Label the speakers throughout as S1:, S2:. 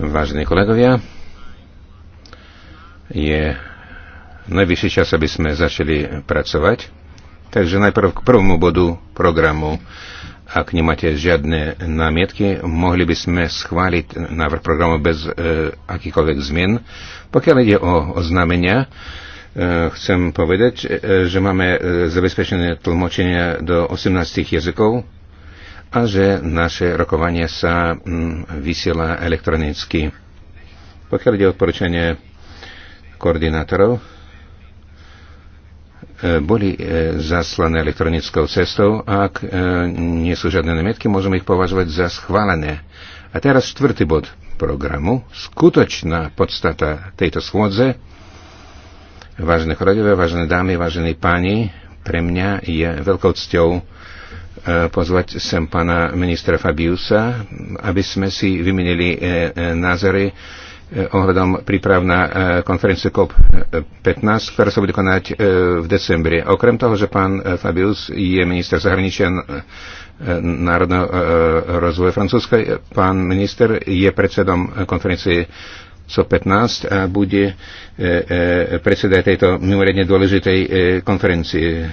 S1: Vážení kolegovia, je najvyšší čas, aby sme začali pracovať. Takže najprv k prvomu bodu programu. Ak nemáte žiadne námietky, mohli by sme schváliť návrh programu bez e, akýchkoľvek zmien. Pokiaľ ide o oznámenia, e, chcem povedať, e, že máme e, zabezpečené tlmočenia do 18 jazykov a že naše rokovanie sa mm, vysiela elektronicky. Pokiaľ ide odporúčanie koordinátorov, e, boli e, zaslané elektronickou cestou. Ak e, nie sú žiadne námietky, môžeme ich považovať za schválené. A teraz štvrtý bod programu. Skutočná podstata tejto schôdze. Vážne kolegovia, vážené dámy, vážení páni, pre mňa je veľkou cťou Eh, pozvať sem pana ministra Fabiusa, aby sme si vymenili eh, eh, názory ohľadom príprav na konferenciu COP15, ktorá sa bude konať v decembri. Okrem toho, že pán Fabius je minister zahraničia národného rozvoja Francúzska, pán minister je predsedom konferencie COP15 a bude predsedať tejto mimoriadne dôležitej konferencie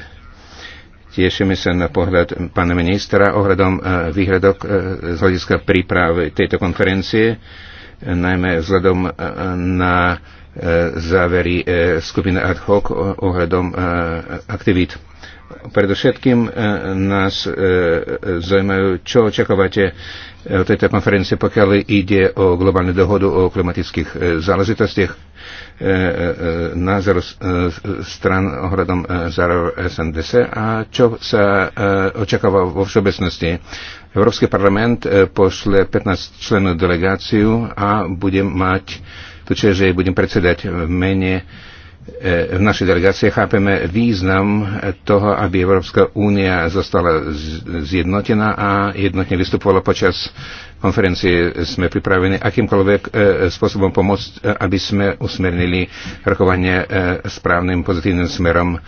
S1: Tešíme sa na pohľad pána ministra ohľadom e, výhľadok e, z hľadiska prípravy tejto konferencie, najmä vzhľadom e, na závery skupiny ad hoc ohľadom aktivít. Predovšetkým nás zaujímajú, čo očakávate od tejto konferencie, pokiaľ ide o globálnu dohodu o klimatických záležitostiach názor eh, stran ohľadom eh, zároveň SNDC a čo sa eh, očakáva vo všeobecnosti. Európsky parlament pošle 15 členov delegáciu a budem mať to, že budem predsedať v mene v našej delegácie chápeme význam toho, aby Európska únia zostala zjednotená a jednotne vystupovala počas konferencie sme pripravení akýmkoľvek e, spôsobom pomôcť, e, aby sme usmernili rokovanie e, správnym pozitívnym smerom.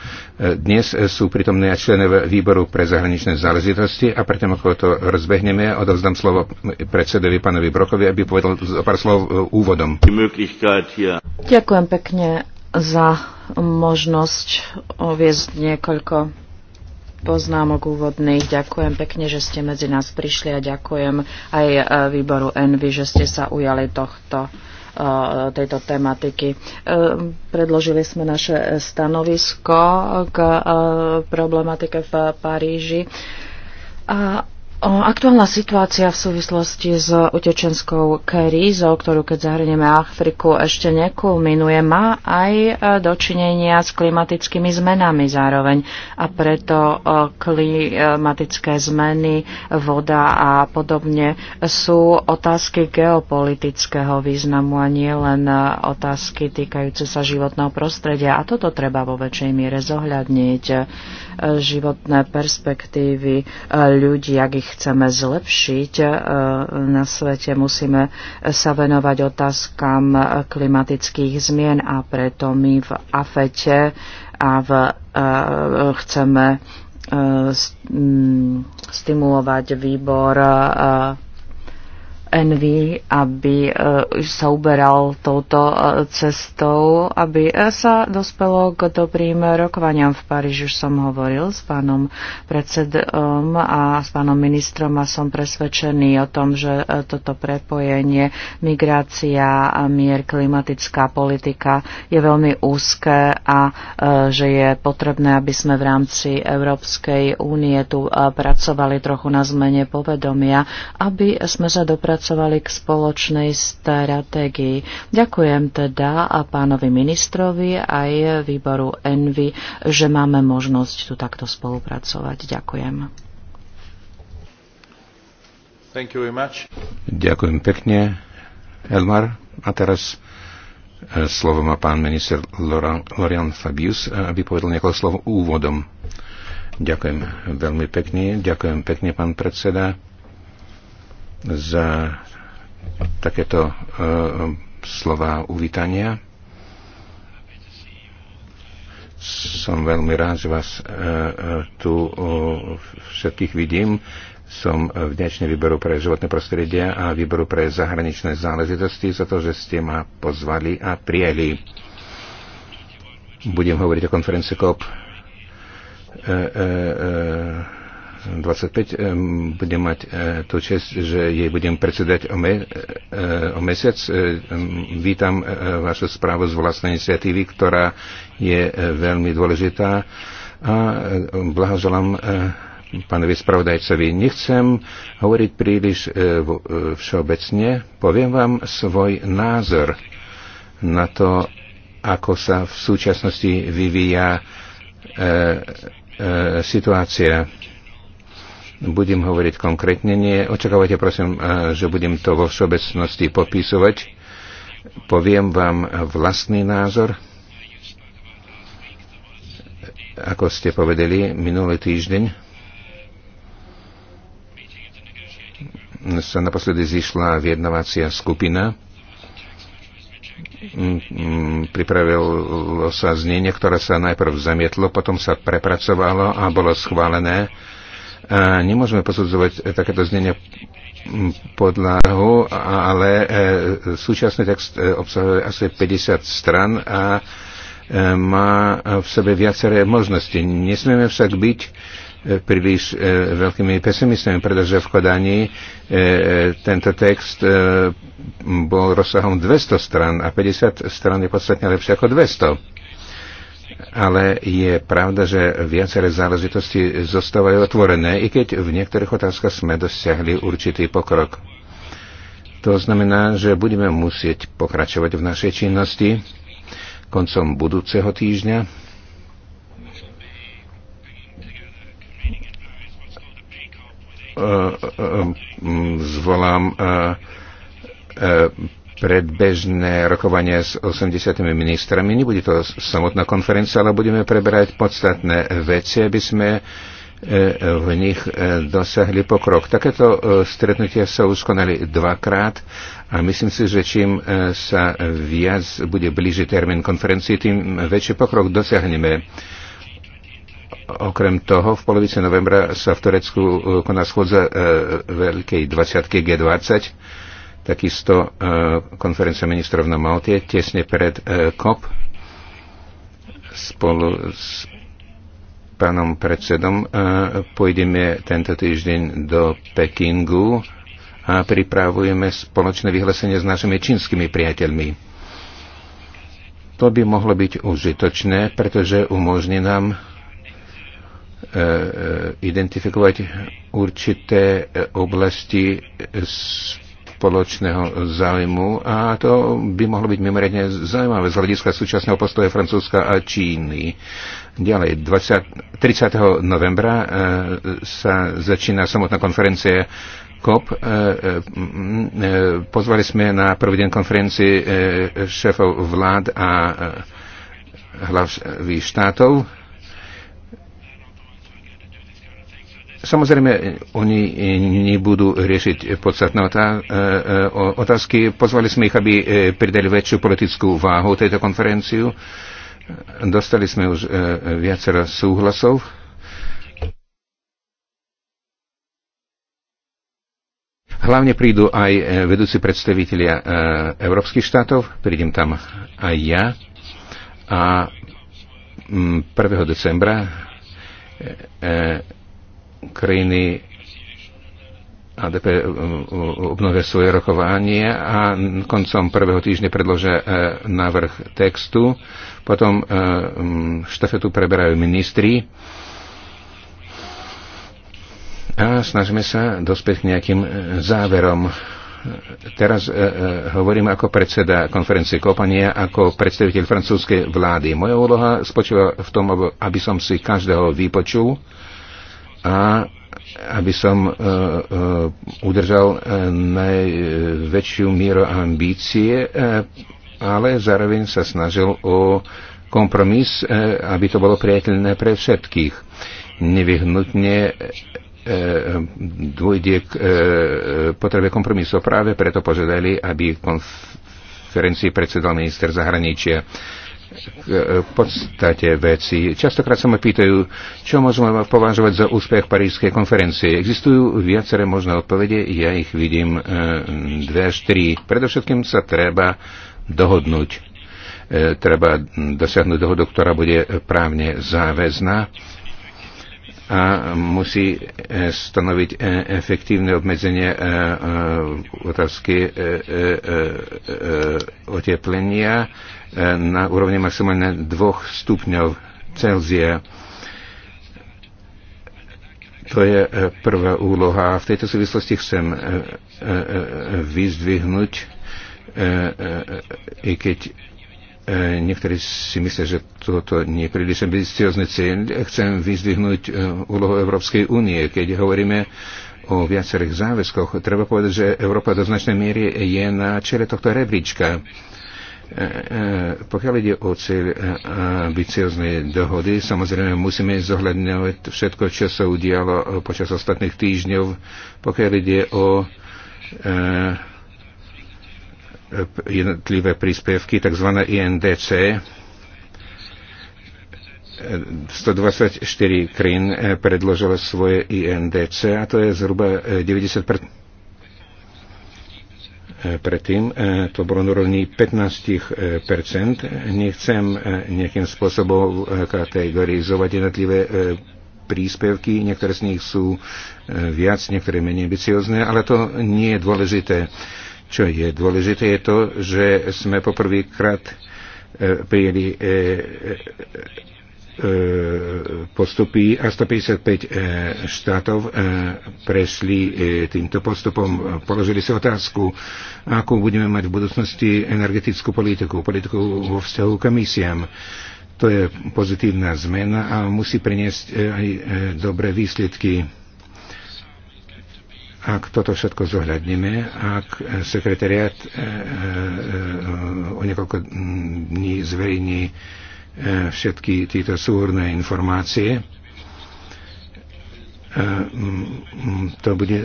S1: Dnes sú pritomné aj členové výboru pre zahraničné záležitosti a preto, ako to rozbehneme, odovzdám slovo predsedovi pánovi Brokovi, aby povedal pár slov úvodom. Ďakujem
S2: pekne za možnosť oviezť niekoľko poznámok úvodných. Ďakujem pekne, že ste medzi nás prišli a ďakujem aj e, výboru Envy, že ste sa ujali tohto e, tejto tematiky. E, predložili sme naše stanovisko k problematike v Paríži. A Aktuálna situácia v súvislosti s utečenskou krízou, ktorú keď zahrnieme Afriku, ešte nekulminuje, má aj e, dočinenia s klimatickými zmenami zároveň. A preto e, klimatické zmeny, voda a podobne sú otázky geopolitického významu a nie len e, otázky týkajúce sa životného prostredia. A toto treba vo väčšej miere zohľadniť životné perspektívy e, ľudí, ak ich chceme zlepšiť e, na svete, musíme sa venovať otázkam klimatických zmien a preto my v AFETE a v, e, chceme stimulovať výbor Envy, aby e, sa uberal touto e, cestou, aby e, sa dospelo k dobrým rokovaniam v Paríži. Už som hovoril s pánom predsedom a s pánom ministrom a som presvedčený o tom, že toto prepojenie migrácia a mier, klimatická politika je veľmi úzke a že je potrebné, aby sme v rámci Európskej únie tu pracovali trochu na zmene povedomia, aby sme sa dopracovali dopracovali k spoločnej stratégii. Ďakujem teda a pánovi ministrovi aj výboru Envy, že máme možnosť tu takto spolupracovať. Ďakujem.
S3: Thank you very much.
S1: Ďakujem pekne, Elmar. A teraz e, slovo má pán minister Lorian, Fabius, aby e, povedal niekoľko slov úvodom. Ďakujem veľmi pekne. Ďakujem pekne, pán predseda za takéto e, slova uvítania. Som veľmi rád, že vás e, e, tu všetkých vidím. Som vďačný výboru pre životné prostredie a výboru pre zahraničné záležitosti za to, že ste ma pozvali a prijeli. Budem hovoriť o konferencii COP. E, e, e 25 bude mať e, tú čest, že jej budem predsedať o, me, e, o mesiac. E, vítam vašu správu z vlastnej iniciatívy, ktorá je veľmi dôležitá a blahoželám pánovi spravodajcovi. Nechcem hovoriť príliš všeobecne. Poviem vám svoj názor na to, ako sa v súčasnosti vyvíja situácia budem hovoriť konkrétne. Nie, očakávajte, prosím, eh, že budem to vo všeobecnosti popisovať. Poviem vám vlastný názor. Ako ste povedali, minulý týždeň sa naposledy zišla vyjednávacia skupina. Mm, mm, pripravilo sa znenie, ktoré sa najprv zamietlo, potom sa prepracovalo a bolo schválené a nemôžeme posudzovať eh, takéto znenia podlahu, ale eh, súčasný text eh, obsahuje asi 50 stran a má v sebe viaceré možnosti. Nesmieme však byť príliš veľkými pesimistami, pretože v Kodani tento text bol rozsahom 200 stran a 50 stran je podstatne lepšie ako 200 ale je pravda, že viaceré záležitosti zostávajú otvorené, i keď v niektorých otázkach sme dosiahli určitý pokrok. To znamená, že budeme musieť pokračovať v našej činnosti koncom budúceho týždňa. E, e, e, zvolám predbežné rokovania s 80 ministrami. Nebude to samotná konferencia, ale budeme preberať podstatné veci, aby sme e, v nich e, dosiahli pokrok. Takéto e, stretnutia sa uskonali dvakrát a myslím si, že čím sa viac bude blíži termín konferencii, tým väčší pokrok dosiahneme. Okrem toho, v polovici novembra sa v Turecku koná schôdza Veľkej 20 G20 takisto e, konferencia ministrov na Malte tesne pred COP e, spolu s pánom predsedom e, pôjdeme tento týždeň do Pekingu a pripravujeme spoločné vyhlásenie s našimi čínskymi priateľmi. To by mohlo byť užitočné, pretože umožní nám identifikovať určité oblasti s spoločného záujmu a to by mohlo byť mimoriadne zaujímavé z hľadiska súčasného postoje Francúzska a Číny. Ďalej, 20, 30. novembra e, sa začína samotná konferencia COP. E, e, pozvali sme na prvý deň konferencii e, šéfov vlád a e, hlavy štátov Samozrejme, oni nebudú riešiť podstatné e, e, otázky. Pozvali sme ich, aby e, pridali väčšiu politickú váhu tejto konferenciu. Dostali sme už viacero súhlasov. Hlavne prídu aj vedúci predstavitelia európskych štátov, prídem tam aj ja. A 1. Mm, decembra krajiny ADP eh, obnovia svoje rokovanie a koncom prvého týždňa predložia eh, návrh textu. Potom eh, mm, štafetu preberajú ministri a snažíme sa dospieť k nejakým záverom. Teraz e, hovorím ako predseda konferencie kopania, ako predstaviteľ francúzskej vlády. Moja úloha spočíva v tom, aby som si každého vypočul a aby som e, e, udržal e, najväčšiu míru ambície, ale zároveň sa snažil o kompromis, aby to bolo priateľné pre všetkých. Nevyhnutne dôjde k potrebe kompromisov. Práve preto požiadali, aby konferencii predsedal minister zahraničia. V podstate veci. Častokrát sa ma pýtajú, čo môžeme považovať za úspech Parížskej konferencie. Existujú viaceré možné odpovede, ja ich vidím e, dve až tri. Predovšetkým sa treba dohodnúť. E, treba dosiahnuť dohodu, ktorá bude právne záväzná a musí e, stanoviť e, efektívne obmedzenie e, otázky oteplenia na úrovni maximálne 2 stupňov Celzia. To je prvá úloha. V tejto súvislosti chcem vyzdvihnúť, i keď E, niektorí si myslia, že toto nie je príliš ambiciozný cieľ. Chcem vyzdvihnúť e, úlohu Európskej únie. Keď hovoríme o viacerých záväzkoch, treba povedať, že Európa do značnej miery je na čele tohto rebríčka. E, pokiaľ ide o cieľ ambicioznej dohody, samozrejme musíme zohľadňovať všetko, čo sa udialo počas ostatných týždňov, pokiaľ ide o jednotlivé príspevky, tzv. INDC. 124 krín eh, predložilo svoje INDC a to je zhruba 90 eh, eh, predtým to bolo na úrovni 15 Nechcem nejakým spôsobom kategorizovať jednotlivé príspevky, niektoré z nich sú viac, niektoré menej ambiciozne, ale to nie je dôležité. Čo je dôležité je to, že sme poprvýkrát e, prijeli e, e, postupy a 155 štátov prešli týmto postupom. Položili si otázku, akú budeme mať v budúcnosti energetickú politiku, politiku vo vzťahu k emisiám. To je pozitívna zmena a musí priniesť aj dobré výsledky ak toto všetko zohľadneme, ak sekretariat e, e, e, o niekoľko dní zverejní všetky tieto súrne informácie, to bude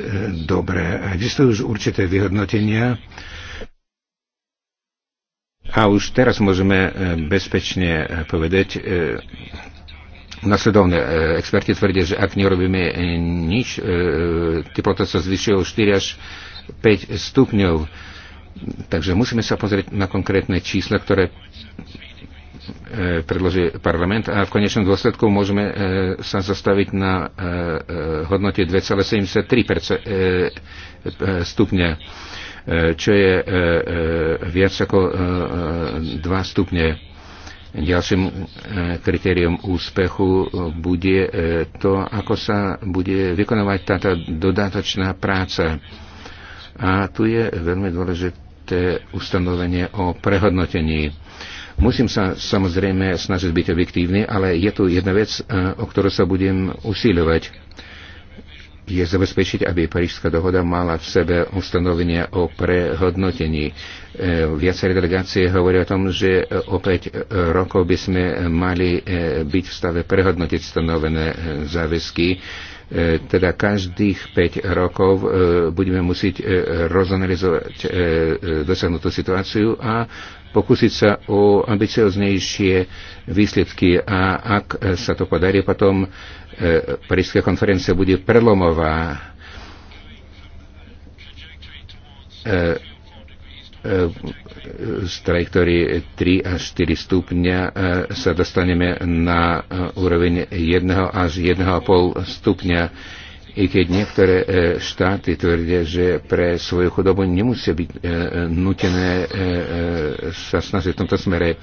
S1: dobré. Existujú už určité vyhodnotenia a už teraz môžeme bezpečne povedať, Nasledovne experti tvrdia, že ak nerobíme e, nič, e, teplota sa zvyšuje o 4 až 5 stupňov. Takže musíme sa pozrieť na konkrétne čísla, ktoré e, predloží parlament a v konečnom dôsledku môžeme sa zastaviť na hodnote 2,73 stupňa, čo je viac ako 2 stupne Ďalším e, kritériom úspechu e, bude e, to, ako sa bude vykonovať táto dodatočná práca. A tu je veľmi dôležité ustanovenie o prehodnotení. Musím sa samozrejme snažiť byť objektívny, ale je tu jedna vec, o ktorú sa budem usilovať je zabezpečiť, aby Parížská dohoda mala v sebe ustanovenia o prehodnotení. E, viaceré delegácie hovoria o tom, že o 5 rokov by sme mali e, byť v stave prehodnotiť stanovené e, záväzky. Teda každých 5 rokov budeme musieť rozanalizovať dosiahnutú situáciu a pokúsiť sa o ambicioznejšie výsledky a ak sa to podarí, potom E, Parížská konferencia bude prelomová z e, e, trajektórie 3 až 4 stupňa sa dostaneme na úroveň 1 až 1,5 stupňa i keď niektoré e, štáty tvrdia, že pre svoju chudobu nemusia byť e, nutené e, sa snažiť v tomto smere.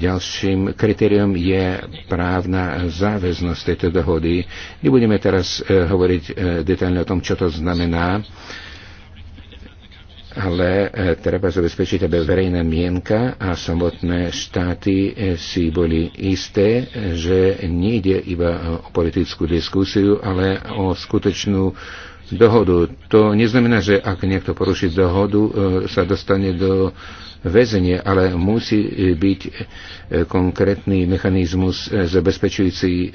S1: Ďalším kritériom je právna záväznosť tejto dohody. Nebudeme teraz hovoriť detailne o tom, čo to znamená ale e, treba zabezpečiť, aby verejná mienka a samotné štáty e, si boli isté, že nejde iba o politickú diskusiu, ale o skutočnú dohodu. To neznamená, že ak niekto poruší dohodu, e, sa dostane do väzenie, ale musí byť konkrétny mechanizmus zabezpečujúci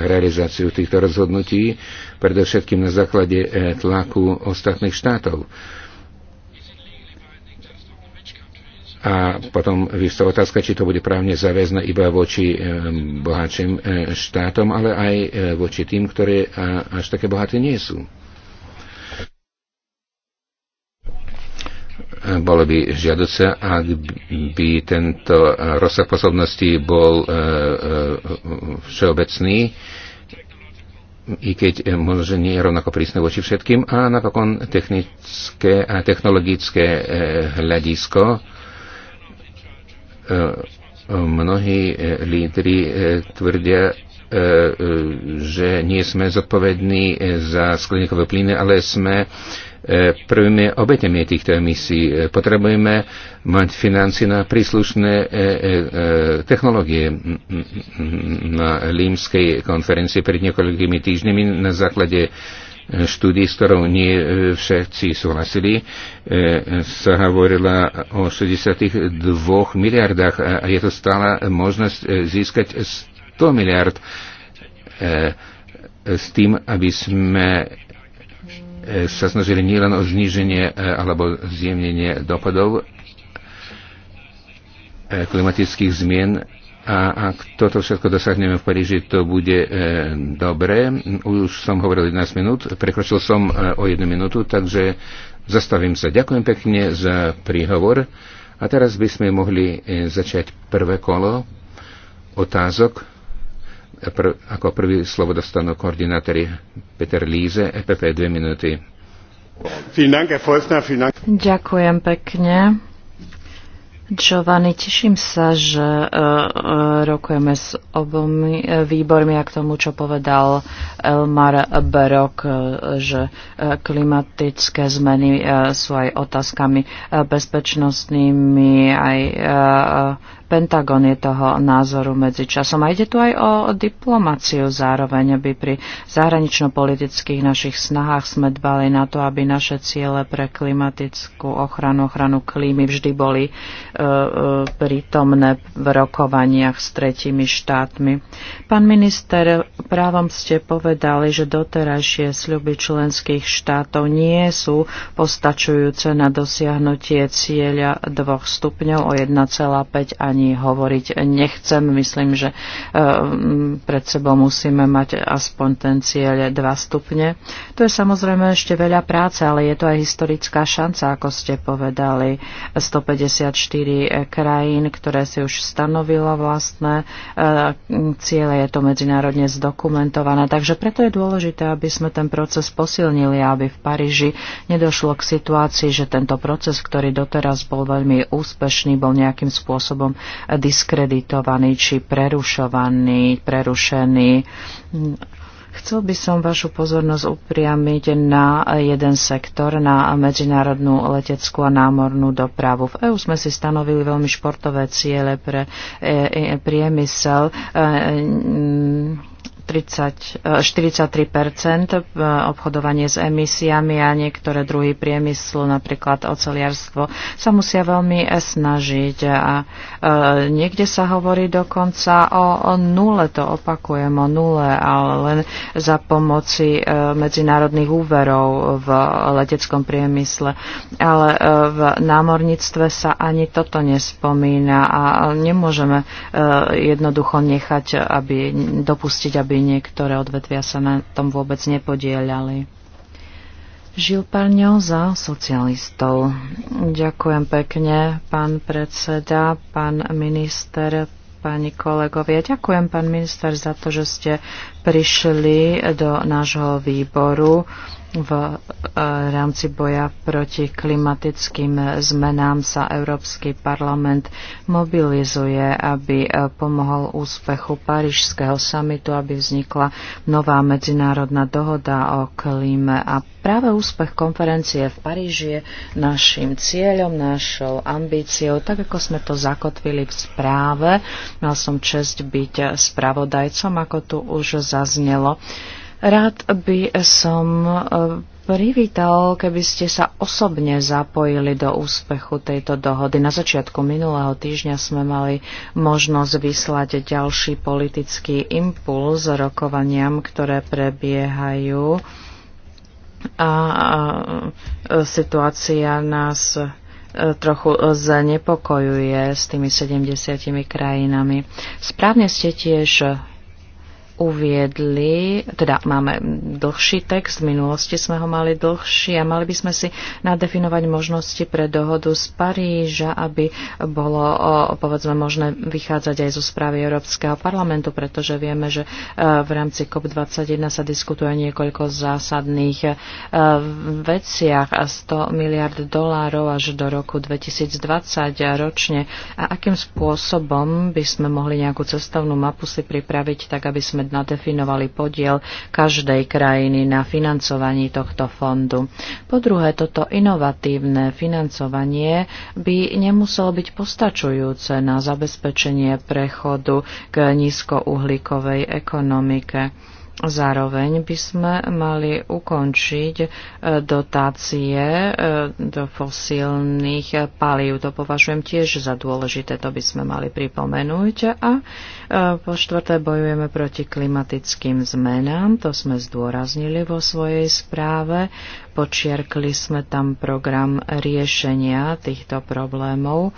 S1: realizáciu týchto rozhodnutí, predovšetkým na základe tlaku ostatných štátov. A potom vyvstá otázka, či to bude právne záväzné iba voči e, bohatším e, štátom, ale aj e, voči tým, ktoré až také bohaté nie sú. Bolo by žiaduce, ak by tento rozsah posobnosti bol všeobecný, i keď možno, že nie je rovnako prísne voči všetkým, a napokon technické a technologické hľadisko mnohí eh, lídry eh, tvrdia, eh, že nie sme zodpovední za skleníkové plyny, ale sme prvými obetami týchto emisí. Potrebujeme mať financie na príslušné technológie. Na Límskej konferencii pred niekoľkými týždňami na základe štúdii, s ktorou nie e, všetci súhlasili, e, sa hovorila o 62 miliardách a je to stála možnosť e, získať 100 miliard s tým, aby sme sa snažili nielen o zníženie alebo zjemnenie dopadov klimatických zmien, a ak toto všetko dosahneme v Paríži, to bude e, dobré. Už som hovoril 11 minút, prekročil som e, o 1 minútu, takže zastavím sa. Ďakujem pekne za príhovor. A teraz by sme mohli e, začať prvé kolo otázok. Pr- ako prvý slovo dostanú koordinátori Peter Líze, EPP 2 minúty.
S2: Ďakujem pekne. Giovanni, teším sa, že e, e, rokujeme s obomi e, výbormi a k tomu, čo povedal Elmar Berok, že klimatické zmeny sú aj otázkami bezpečnostnými, aj Pentagon je toho názoru medzi časom. A ide tu aj o diplomáciu zároveň, aby pri zahranično-politických našich snahách sme dbali na to, aby naše ciele pre klimatickú ochranu, ochranu klímy vždy boli e, e, prítomné v rokovaniach s tretími štátmi. Pán minister, právom ste povedali, že doterajšie sľuby členských štátov nie sú postačujúce na dosiahnutie cieľa 2 stupňov o 1,5 ani ani hovoriť nechcem. Myslím, že e, pred sebou musíme mať aspoň ten cieľ 2 stupne. To je samozrejme ešte veľa práce, ale je to aj historická šanca, ako ste povedali. 154 e, krajín, ktoré si už stanovilo vlastné e, ciele, je to medzinárodne zdokumentované. Takže preto je dôležité, aby sme ten proces posilnili, aby v Paríži nedošlo k situácii, že tento proces, ktorý doteraz bol veľmi úspešný, bol nejakým spôsobom diskreditovaní či prerušovaní, prerušení. Chcel by som vašu pozornosť upriamiť na jeden sektor, na medzinárodnú leteckú a námornú dopravu. V EU sme si stanovili veľmi športové ciele pre e, e, priemysel. E, 30, 43 e, e, obchodovanie s emisiami a niektoré druhy priemyslu, napríklad oceliarstvo, sa musia veľmi e, snažiť. A niekde sa hovorí dokonca o, o nule, to opakujem, o nule, ale len za pomoci medzinárodných úverov v leteckom priemysle. Ale v námorníctve sa ani toto nespomína a nemôžeme jednoducho nechať, aby dopustiť, aby aby niektoré odvetvia sa na tom vôbec nepodielali. Žil Parňo za socialistov. Ďakujem pekne, pán predseda, pán minister, pani kolegovia. Ďakujem, pán minister, za to, že ste prišli do nášho výboru. V e, rámci boja proti klimatickým zmenám sa Európsky parlament mobilizuje, aby e, pomohol úspechu Parížského samitu, aby vznikla nová medzinárodná dohoda o klíme. A práve úspech konferencie v Paríži je našim cieľom, našou ambíciou, tak ako sme to zakotvili v správe. Mal som čest byť spravodajcom, ako tu už zaznelo. Rád by som eh, privítal, keby ste sa osobne zapojili do úspechu tejto dohody. Na začiatku minulého týždňa sme mali možnosť vyslať ďalší politický impuls rokovaniam, ktoré prebiehajú. A eh, situácia nás eh, trochu znepokojuje s tými 70 krajinami. Správne ste tiež uviedli, teda máme dlhší text, v minulosti sme ho mali dlhší a mali by sme si nadefinovať možnosti pre dohodu z Paríža, aby bolo povedzme možné vychádzať aj zo správy Európskeho parlamentu, pretože vieme, že e, v rámci COP21 sa diskutuje niekoľko zásadných e, veciach a 100 miliard dolárov až do roku 2020 ročne. A akým spôsobom by sme mohli nejakú cestovnú mapu si pripraviť tak, aby sme nadefinovali podiel každej krajiny na financovaní tohto fondu. Po druhé, toto inovatívne financovanie by nemuselo byť postačujúce na zabezpečenie prechodu k nízkouhlíkovej ekonomike. Zároveň by sme mali ukončiť e, dotácie e, do fosílnych palív. To považujem tiež za dôležité, to by sme mali pripomenúť. A e, po štvrté bojujeme proti klimatickým zmenám, to sme zdôraznili vo svojej správe. Počiarkli sme tam program riešenia týchto problémov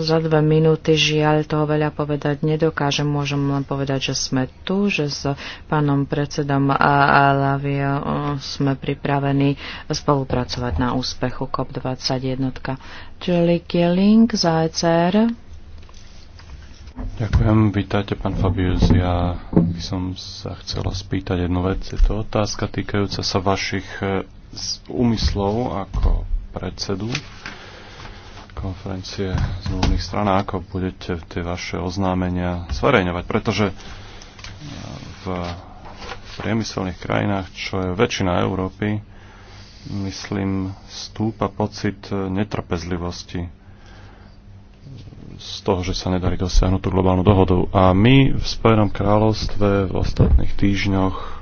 S2: za dve minúty žiaľ toho veľa povedať nedokážem. Môžem len povedať, že sme tu, že s pánom predsedom a Lavia sme pripravení spolupracovať na úspechu COP21. Julie Killing za ECR.
S3: Ďakujem, vítajte pán Fabius. Ja by som sa chcela spýtať jednu vec. Je to otázka týkajúca sa vašich eh, úmyslov ako predsedu konferencie zmluvných stran a ako budete tie vaše oznámenia zverejňovať, pretože e, v priemyselných krajinách, čo je väčšina Európy, myslím, stúpa pocit netrpezlivosti z toho, že sa nedarí dosiahnuť tú globálnu dohodu. A my v Spojenom kráľovstve v ostatných týždňoch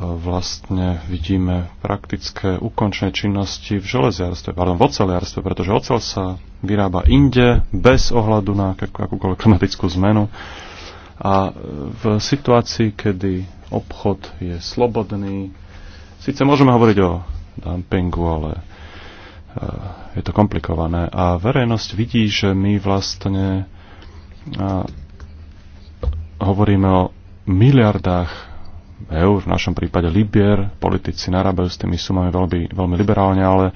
S3: vlastne vidíme praktické ukončenie činnosti v železiarstve, pardon, v oceliarstve, pretože ocel sa vyrába inde, bez ohľadu na akúkoľvek klimatickú zmenu. A e, v situácii, kedy obchod je slobodný, síce môžeme hovoriť o dumpingu, ale e, je to komplikované. A verejnosť vidí, že my vlastne hovoríme o miliardách eur, v našom prípade libier. Politici narábajú s tými sumami veľmi, veľmi liberálne, ale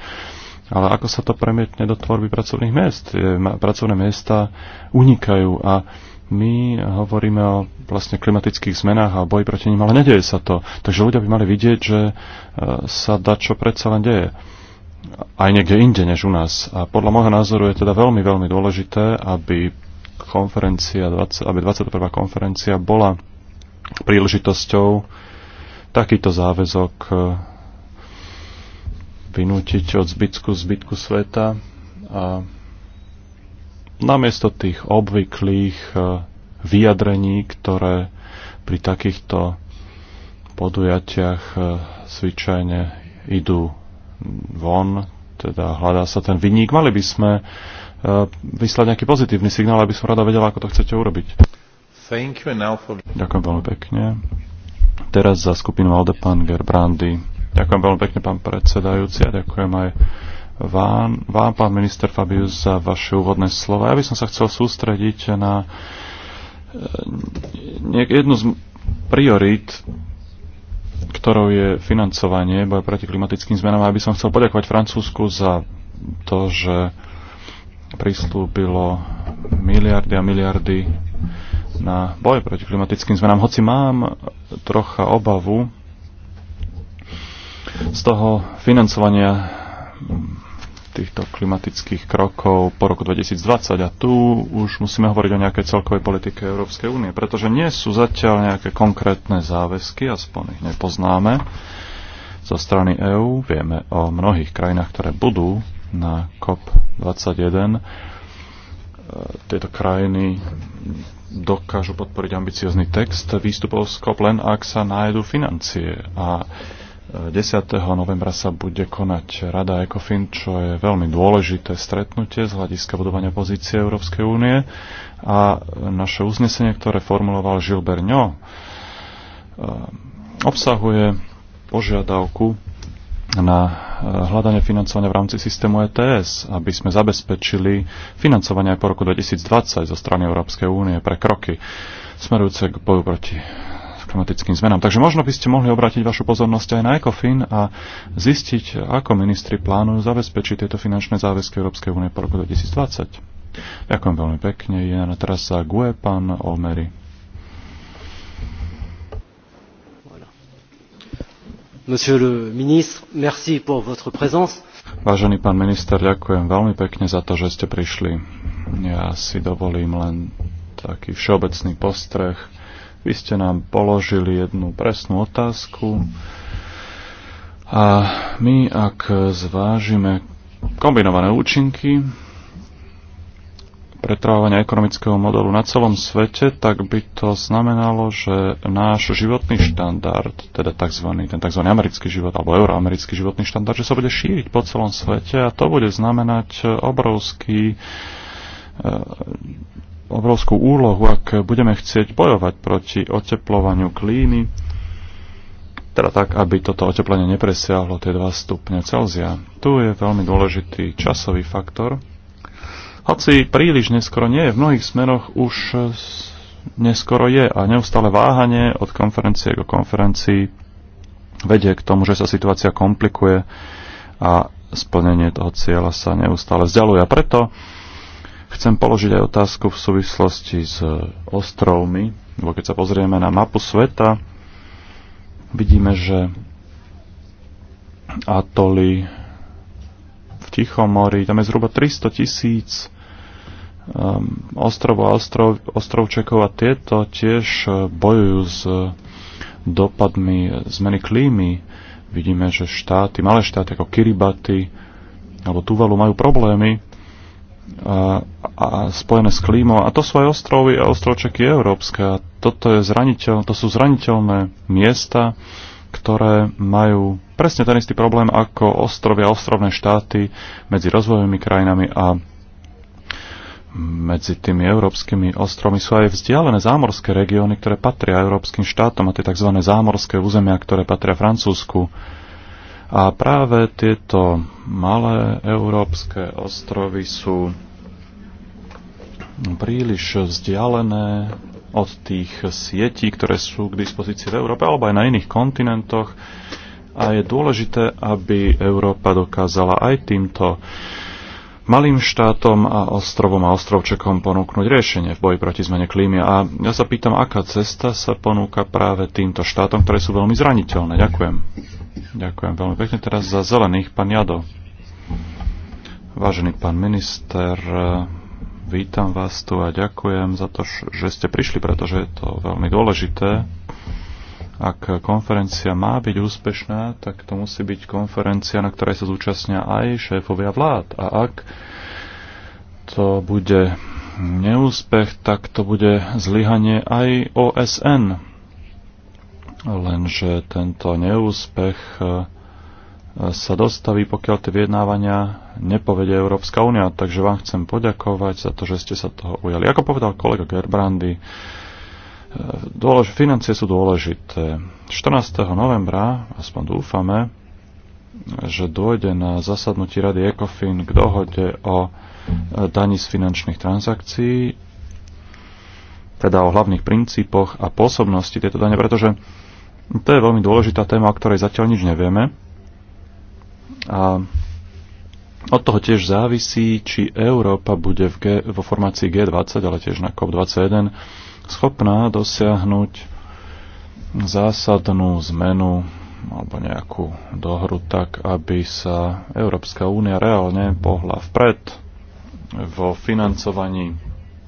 S3: ale ako sa to premietne do tvorby pracovných miest? Pracovné miesta unikajú a my hovoríme o vlastne klimatických zmenách a boji proti nim, ale nedeje sa to. Takže ľudia by mali vidieť, že e, sa da čo predsa len deje. Aj niekde inde než u nás. A podľa môjho názoru je teda veľmi, veľmi dôležité, aby konferencia, aby 21. konferencia bola príležitosťou takýto záväzok e, vynútiť od zbytku zbytku sveta a namiesto tých obvyklých e, vyjadrení, ktoré pri takýchto podujatiach e, zvyčajne idú von, teda hľadá sa ten vyník. Mali by sme vyslať nejaký pozitívny signál, aby som rada vedela, ako to chcete urobiť.
S1: Ďakujem
S3: veľmi pekne. Teraz za skupinu Alde pán Gerbrandy. Ďakujem veľmi pekne, pán predsedajúci, a ďakujem aj vám, vám, pán minister Fabius, za vaše úvodné slova. Ja by som sa chcel sústrediť na eh, jednu z priorít ktorou je financovanie boja proti klimatickým zmenám. aby by som chcel poďakovať Francúzsku za to, že prislúbilo miliardy a miliardy na boj proti klimatickým zmenám, hoci mám trocha obavu z toho financovania týchto klimatických krokov po roku 2020 a tu už musíme hovoriť o nejakej celkovej politike Európskej únie, pretože nie sú zatiaľ nejaké konkrétne záväzky, aspoň ich nepoznáme. Zo strany EÚ vieme o mnohých krajinách, ktoré budú na COP21. E, tieto krajiny dokážu podporiť ambiciozný text výstupov z Skoplen, ak sa nájdu financie. A 10. E, novembra sa bude konať Rada ECOFIN, čo je veľmi dôležité stretnutie z hľadiska budovania pozície Európskej únie. A e, naše uznesenie, ktoré formuloval Gilbert Berňo, obsahuje požiadavku na eh, hľadanie financovania v rámci systému ETS, aby sme zabezpečili financovanie aj po roku 2020 zo strany Európskej únie pre kroky smerujúce k boju proti klimatickým zmenám. Takže možno by ste mohli obrátiť vašu pozornosť aj na ECOFIN a zistiť, ako ministri plánujú zabezpečiť tieto finančné záväzky Európskej únie po roku 2020. Ďakujem veľmi pekne. Je na teraz sa GUE pán Olmery.
S1: Monsieur le ministre, merci pour votre présence.
S3: Vážený pán minister, ďakujem veľmi pekne za to, že ste prišli. Ja si dovolím len taký všeobecný postreh. Vy ste nám položili jednu presnú otázku a my, ak zvážime kombinované účinky pretrávania ekonomického modelu na celom svete, tak by to znamenalo, že náš životný štandard, teda tzv. ten tzv. americký život alebo euroamerický životný štandard, že sa bude šíriť po celom svete a to bude znamenať obrovský e, obrovskú úlohu, ak budeme chcieť bojovať proti oteplovaniu klímy, teda tak, aby toto oteplenie nepresiahlo tie 2 stupne Celzia. Tu je veľmi dôležitý časový faktor, hoci príliš neskoro nie je, v mnohých smeroch už eh, neskoro je a neustále váhanie od konferencie k konferencii vedie k tomu, že sa situácia komplikuje a splnenie toho cieľa sa neustále vzdialuje. A preto chcem položiť aj otázku v súvislosti s eh, ostrovmi, lebo keď sa pozrieme na mapu sveta, vidíme, že atoly v Tichomori, tam je zhruba 300 tisíc um, ostrovov a ostrov, ostrovčekov a tieto tiež e, bojujú s e, dopadmi zmeny klímy. Vidíme, že štáty, malé štáty ako Kiribati alebo Tuvalu majú problémy e, a, a spojené s klímou. A to sú aj ostrovy a ostrovčeky európske. A toto je zraniteľ, to sú zraniteľné miesta, ktoré majú presne ten istý problém ako ostrovy a ostrovné štáty medzi rozvojovými krajinami a medzi tými európskymi ostrovmi sú aj vzdialené zámorské regióny, ktoré patria európskym štátom a tie tzv. zámorské územia, ktoré patria Francúzsku. A práve tieto malé európske ostrovy sú príliš vzdialené od tých sietí, ktoré sú k dispozícii v Európe alebo aj na iných kontinentoch. A je dôležité, aby Európa dokázala aj týmto malým štátom a ostrovom a ostrovčekom ponúknuť riešenie v boji proti zmene klímy. A ja sa pýtam, aká cesta sa ponúka práve týmto štátom, ktoré sú veľmi zraniteľné. Ďakujem. Ďakujem veľmi pekne. Teraz za zelených, pán Jado. Vážený pán minister, vítam vás tu a ďakujem za to, že ste prišli, pretože je to veľmi dôležité ak konferencia má byť úspešná, tak to musí byť konferencia, na ktorej sa zúčastnia aj šéfovia vlád. A ak to bude neúspech, tak to bude zlyhanie aj OSN. Lenže tento neúspech e, sa dostaví, pokiaľ tie vyjednávania nepovedie Európska únia. Takže vám chcem poďakovať za to, že ste sa toho ujali. Ako povedal kolega Gerbrandy, Dôlež, financie sú dôležité. 14. novembra, aspoň dúfame, že dôjde na zasadnutí Rady ECOFIN k dohode o e, daní z finančných transakcií, teda o hlavných princípoch a pôsobnosti tejto dane, pretože to je veľmi dôležitá téma, o ktorej zatiaľ nič nevieme. A od toho tiež závisí, či Európa bude v G, vo formácii G20, ale tiež na COP21 schopná dosiahnuť zásadnú zmenu alebo nejakú dohru tak, aby sa Európska únia reálne pohla vpred vo financovaní.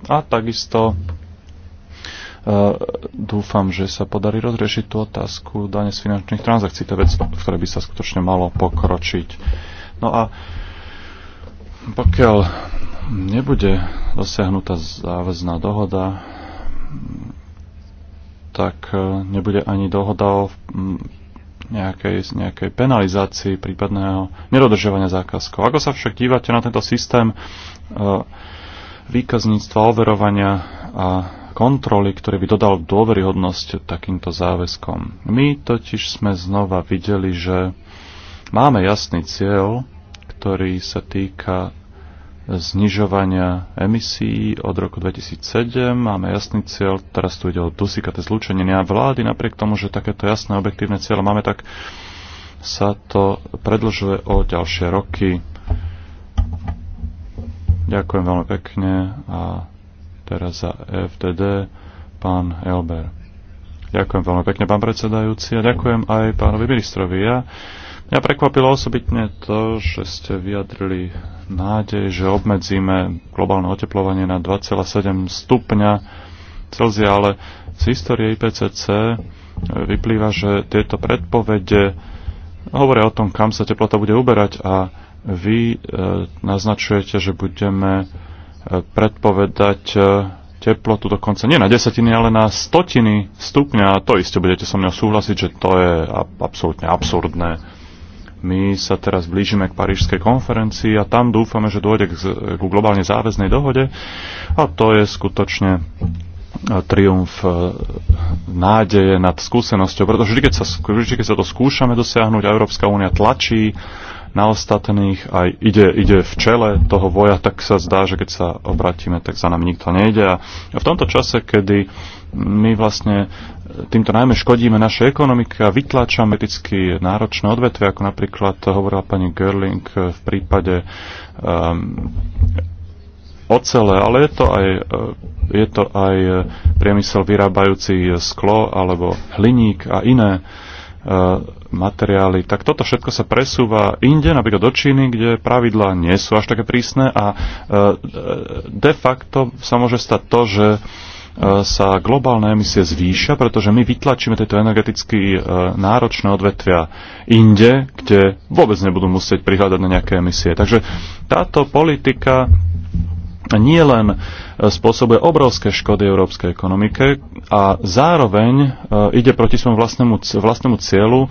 S3: A takisto e, dúfam, že sa podarí rozriešiť tú otázku dane z finančných transakcií. To je vec, v ktorej by sa skutočne malo pokročiť. No a pokiaľ nebude dosiahnutá záväzná dohoda, tak e, nebude ani dohoda o nejakej, nejakej penalizácii prípadného nedodržovania zákazkov. Ako sa však dívate na tento systém e, výkazníctva, overovania a kontroly, ktorý by dodal dôveryhodnosť takýmto záväzkom. My totiž sme znova videli, že máme jasný cieľ, ktorý sa týka znižovania emisí od roku 2007. Máme jasný cieľ, teraz tu ide o dusikaté zlúčeniny a vlády napriek tomu, že takéto jasné objektívne cieľe máme, tak sa to predlžuje o ďalšie roky. Ďakujem veľmi pekne a teraz za FDD pán Elber. Ďakujem veľmi pekne, pán predsedajúci, a ďakujem aj pánovi ministrovi. Ja Mňa prekvapilo osobitne to, že ste vyjadrili nádej, že obmedzíme globálne oteplovanie na 2,7 stupňa Celzia, ale z histórie IPCC vyplýva, že tieto predpovede hovoria o tom, kam sa teplota bude uberať a vy e, naznačujete, že budeme e, predpovedať e, teplotu dokonca nie na desatiny, ale na stotiny stupňa. A To isté budete so mnou súhlasiť, že to je absolútne absurdné. My sa teraz blížime k parížskej konferencii a tam dúfame, že dôjde ku globálne záväznej dohode a to je skutočne e, triumf e, nádeje nad skúsenosťou, pretože vždy keď, sa, vždy, keď sa to skúšame dosiahnuť Európska únia tlačí na ostatných a ide, ide v čele toho voja, tak sa zdá, že keď sa obratíme, tak za nám nikto nejde. A v tomto čase, kedy my vlastne týmto najmä škodíme našej ekonomike a vytláčame eticky náročné odvetve, ako napríklad hovorila pani Gerling v prípade um, ocele, ale je to aj, e, je to aj e, priemysel vyrábajúci sklo alebo hliník a iné e, materiály, tak toto všetko sa presúva inde, napríklad do Číny, kde pravidlá nie sú až také prísne a de facto sa môže stať to, že sa globálne emisie zvýšia, pretože my vytlačíme tieto energeticky e, náročné odvetvia inde, kde vôbec nebudú musieť prihľadať na nejaké emisie. Takže táto politika nie len e, spôsobuje obrovské škody európskej ekonomike a zároveň e, ide proti svojmu vlastnému, vlastnému cieľu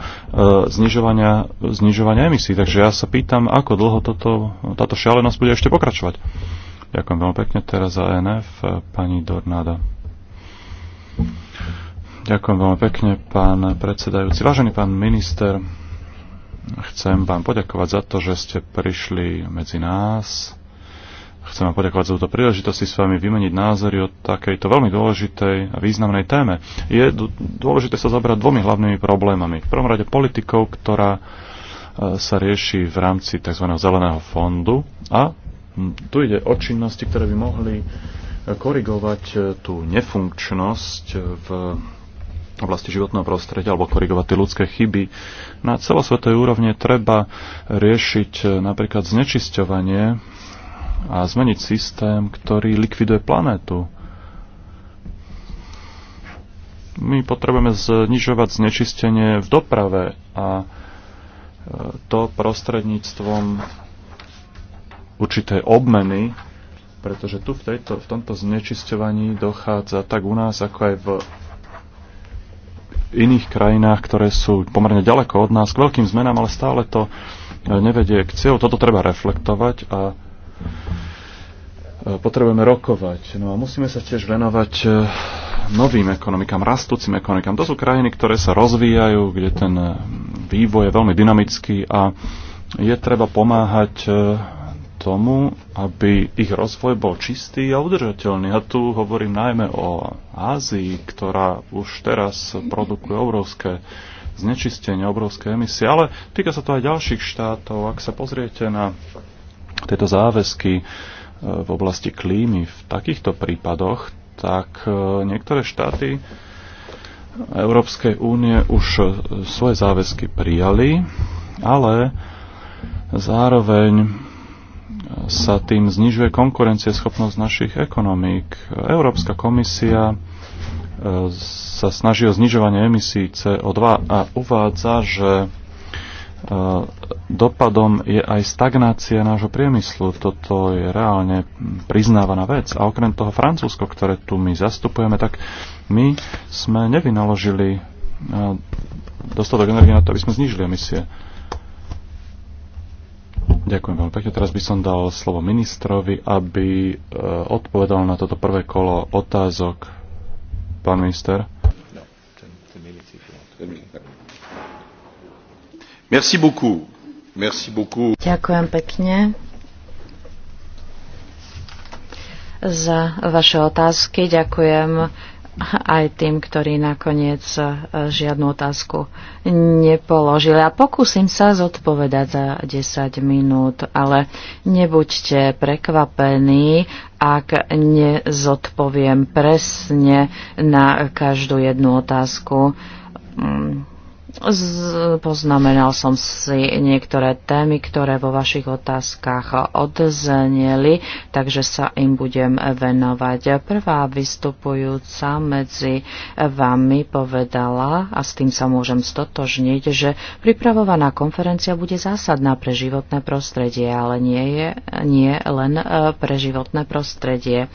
S3: znižovania, znižovania emisí. Takže ja sa pýtam, ako dlho toto, táto šialenosť bude ešte pokračovať. Ďakujem veľmi pekne. Teraz za NF pani Dornáda. Ďakujem veľmi pekne, pán predsedajúci. Vážený pán minister, chcem vám poďakovať za to, že ste prišli medzi nás. Chcem vám poďakovať za túto príležitosť s vami vymeniť názory o takejto veľmi dôležitej a významnej téme. Je dôležité sa zabrať dvomi hlavnými problémami. V prvom rade politikou, ktorá e, sa rieši v rámci tzv. zeleného fondu a tu ide o činnosti, ktoré by mohli korigovať e, tú nefunkčnosť v oblasti životného prostredia alebo korigovať tie ľudské chyby. Na celosvetovej úrovne treba riešiť napríklad znečisťovanie a zmeniť systém, ktorý likviduje planétu. My potrebujeme znižovať znečistenie v doprave a e, to prostredníctvom určitej obmeny, pretože tu v, tejto, v tomto znečisťovaní dochádza tak u nás, ako aj v iných krajinách, ktoré sú pomerne ďaleko od nás, k veľkým zmenám, ale stále to e, nevedie k cieľu. Toto treba reflektovať a e, potrebujeme rokovať. No a musíme sa tiež venovať e, novým ekonomikám, rastúcim ekonomikám. To sú krajiny, ktoré sa rozvíjajú, kde ten vývoj je veľmi dynamický a je treba pomáhať tomu, aby ich rozvoj bol čistý a udržateľný. A tu hovorím najmä o Ázii, ktorá už teraz produkuje obrovské znečistenie, obrovské emisie, ale týka sa to aj ďalších štátov. Ak sa pozriete na tieto záväzky e, v oblasti klímy v takýchto prípadoch, tak e, niektoré štáty Európskej únie už e, svoje záväzky prijali, ale zároveň sa tým znižuje konkurencieschopnosť našich ekonomík. Európska komisia e, sa snaží o znižovanie emisí CO2 a uvádza, že e, dopadom je aj stagnácia nášho priemyslu. Toto je reálne priznávaná vec. A okrem toho Francúzsko, ktoré tu my zastupujeme, tak my sme nevynaložili e, dostatok energie na to, aby sme znížili emisie. Ďakujem veľmi pekne. Teraz by som dal slovo ministrovi, aby eh, odpovedal na toto prvé kolo otázok. Pán minister.
S1: Merci beaucoup. Merci beaucoup.
S2: Ďakujem pekne za vaše otázky. Ďakujem aj tým, ktorí nakoniec e, žiadnu otázku nepoložili. A pokúsim sa zodpovedať za 10 minút, ale nebuďte prekvapení, ak nezodpoviem presne na každú jednu otázku mm poznamenal som si niektoré témy, ktoré vo vašich otázkach odzneli, takže sa im budem venovať. Prvá vystupujúca medzi vami povedala, a s tým sa môžem stotožniť, že pripravovaná konferencia bude zásadná pre životné prostredie, ale nie, je, nie len eh, pre životné prostredie.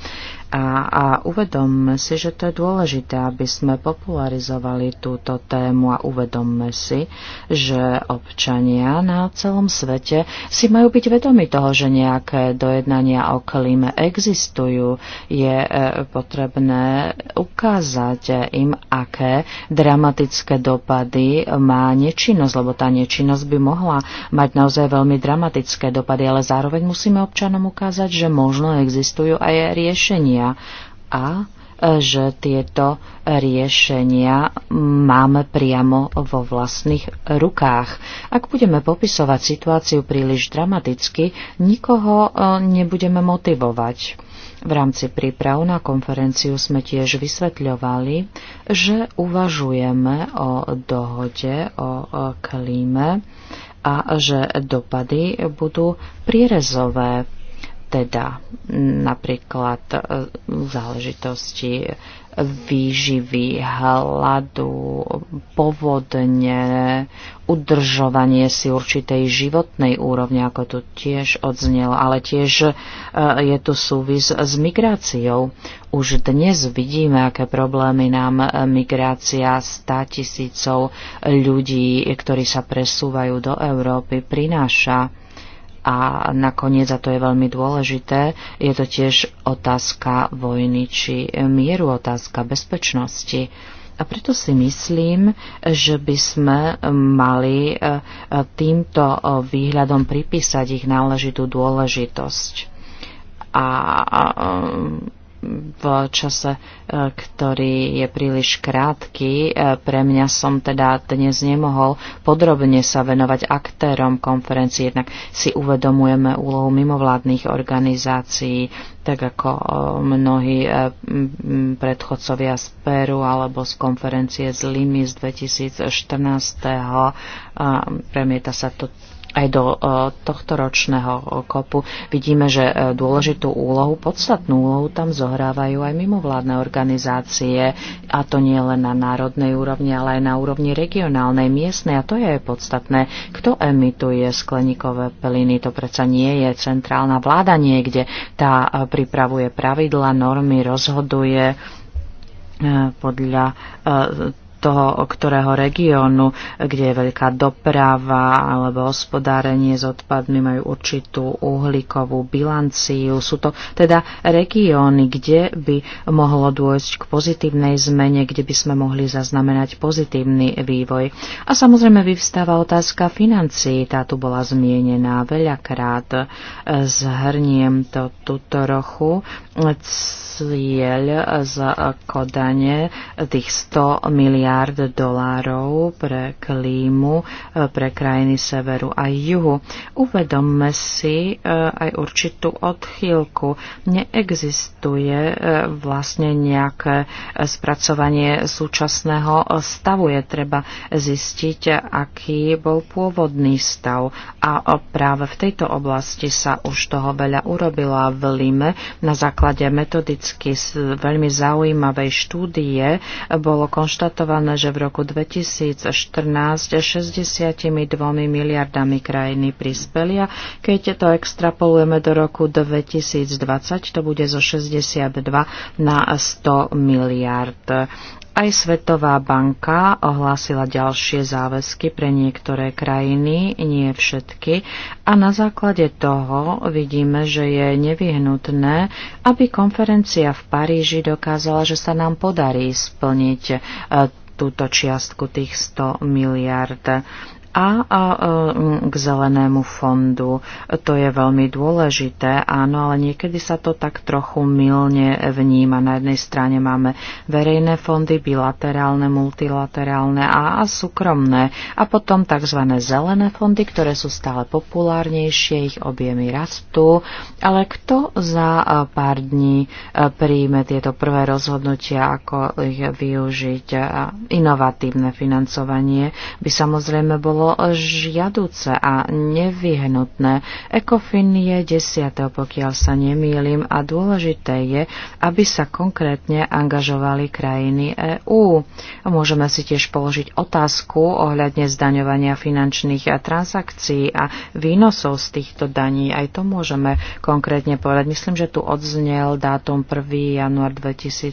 S2: A, a uvedomme si, že to je dôležité, aby sme popularizovali túto tému a uvedomme si, že občania na celom svete si majú byť vedomi toho, že nejaké dojednania o klíme existujú. Je e, potrebné ukázať im, aké dramatické dopady má nečinnosť, lebo tá nečinnosť by mohla mať naozaj veľmi dramatické dopady, ale zároveň musíme občanom ukázať, že možno existujú aj riešenia riešenia a e, že tieto riešenia máme priamo vo vlastných rukách. Ak budeme popisovať situáciu príliš dramaticky, nikoho e, nebudeme motivovať. V rámci príprav na konferenciu sme tiež vysvetľovali, že uvažujeme o dohode o klíme a že dopady budú prierezové teda napríklad e, záležitosti výživy, hladu, povodne, udržovanie si určitej životnej úrovne, ako tu tiež odznelo, ale tiež e, je tu súvis s migráciou. Už dnes vidíme, aké problémy nám e, migrácia 100 tisícov ľudí, ktorí sa presúvajú do Európy, prináša. A nakoniec, a to je veľmi dôležité, je to tiež otázka vojny či mieru, otázka bezpečnosti. A preto si myslím, že by sme mali e, e, týmto výhľadom pripísať ich náležitú dôležitosť. A v čase, e, ktorý je príliš krátky. E, pre mňa som teda dnes nemohol podrobne sa venovať aktérom konferencie, jednak si uvedomujeme úlohu mimovládnych organizácií, tak ako e, mnohí predchodcovia z Peru alebo z konferencie z Limy z 2014. Premieta sa to aj do e, tohto ročného kopu. Vidíme, že e, dôležitú úlohu, podstatnú úlohu tam zohrávajú aj mimovládne organizácie, a to nie len na národnej úrovni, ale aj na úrovni regionálnej, miestnej. A to je aj podstatné, kto emituje skleníkové peliny. To predsa nie je centrálna vláda niekde. Tá e, pripravuje pravidla, normy, rozhoduje podľa toho, ktorého regiónu, kde je veľká doprava alebo hospodárenie s odpadmi, majú určitú uhlíkovú bilanciu. Sú to teda regióny, kde by mohlo dôjsť k pozitívnej zmene, kde by sme mohli zaznamenať pozitívny vývoj. A samozrejme vyvstáva otázka financií. Tá tu bola zmienená veľakrát. Zhrniem to tu trochu cieľ z kodane tých 100 miliard miliard dolárov pre klímu, e, pre krajiny severu a juhu. Uvedomme si e, aj určitú odchýlku. Neexistuje e, vlastne nejaké spracovanie súčasného stavu. Je treba zistiť, aký bol pôvodný stav. A práve v tejto oblasti sa už toho veľa urobilo v Lime na základe metodicky veľmi zaujímavej štúdie bolo konštatované, odhalené, že v roku 2014 62 miliardami krajiny prispelia. keď to extrapolujeme do roku 2020, to bude zo 62 na 100 miliard. Aj Svetová banka ohlásila ďalšie záväzky pre niektoré krajiny, nie všetky, a na základe toho vidíme, že je nevyhnutné, aby konferencia v Paríži dokázala, že sa nám podarí splniť e, túto čiastku tých 100 miliard a, a e, k zelenému fondu. To je veľmi dôležité, áno, ale niekedy sa to tak trochu mylne vníma. Na jednej strane máme verejné fondy, bilaterálne, multilaterálne a, a súkromné. A potom tzv. zelené fondy, ktoré sú stále populárnejšie, ich objemy rastú. Ale kto za e, pár dní e, príjme tieto prvé rozhodnutia, ako ich využiť? Inovatívne financovanie by samozrejme bolo bolo žiaduce a nevyhnutné. Ekofin je desiatého, pokiaľ sa nemýlim a dôležité je, aby sa konkrétne angažovali krajiny EÚ. Môžeme si tiež položiť otázku ohľadne zdaňovania finančných transakcií a výnosov z týchto daní. Aj to môžeme konkrétne povedať. Myslím, že tu odznel dátum 1. január 2017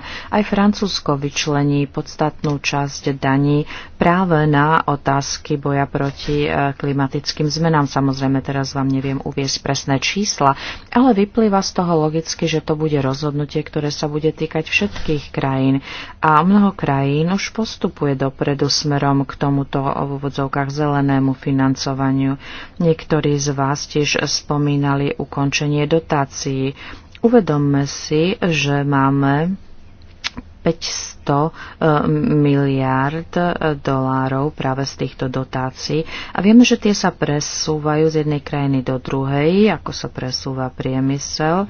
S2: a aj Francúzsko vyčlení podstatnú časť daní práve na od otázky boja proti e, klimatickým zmenám. Samozrejme, teraz vám neviem uviesť presné čísla, ale vyplýva z toho logicky, že to bude rozhodnutie, ktoré sa bude týkať všetkých krajín. A mnoho krajín už postupuje dopredu smerom k tomuto v úvodzovkách zelenému financovaniu. Niektorí z vás tiež spomínali ukončenie dotácií. Uvedomme si, že máme 500 eh, miliárd eh, dolárov práve z týchto dotácií. A vieme, že tie sa presúvajú z jednej krajiny do druhej, ako sa presúva priemysel.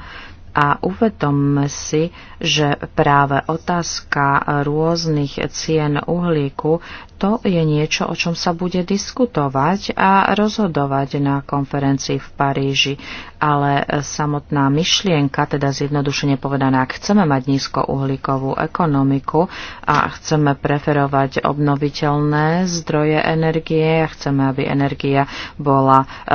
S2: A uvedomme si, že práve otázka rôznych cien uhlíku to je niečo, o čom sa bude diskutovať a rozhodovať na konferencii v Paríži. Ale samotná myšlienka, teda zjednodušene povedané, ak chceme mať nízkouhlíkovú ekonomiku a chceme preferovať obnoviteľné zdroje energie, chceme, aby energia bola e,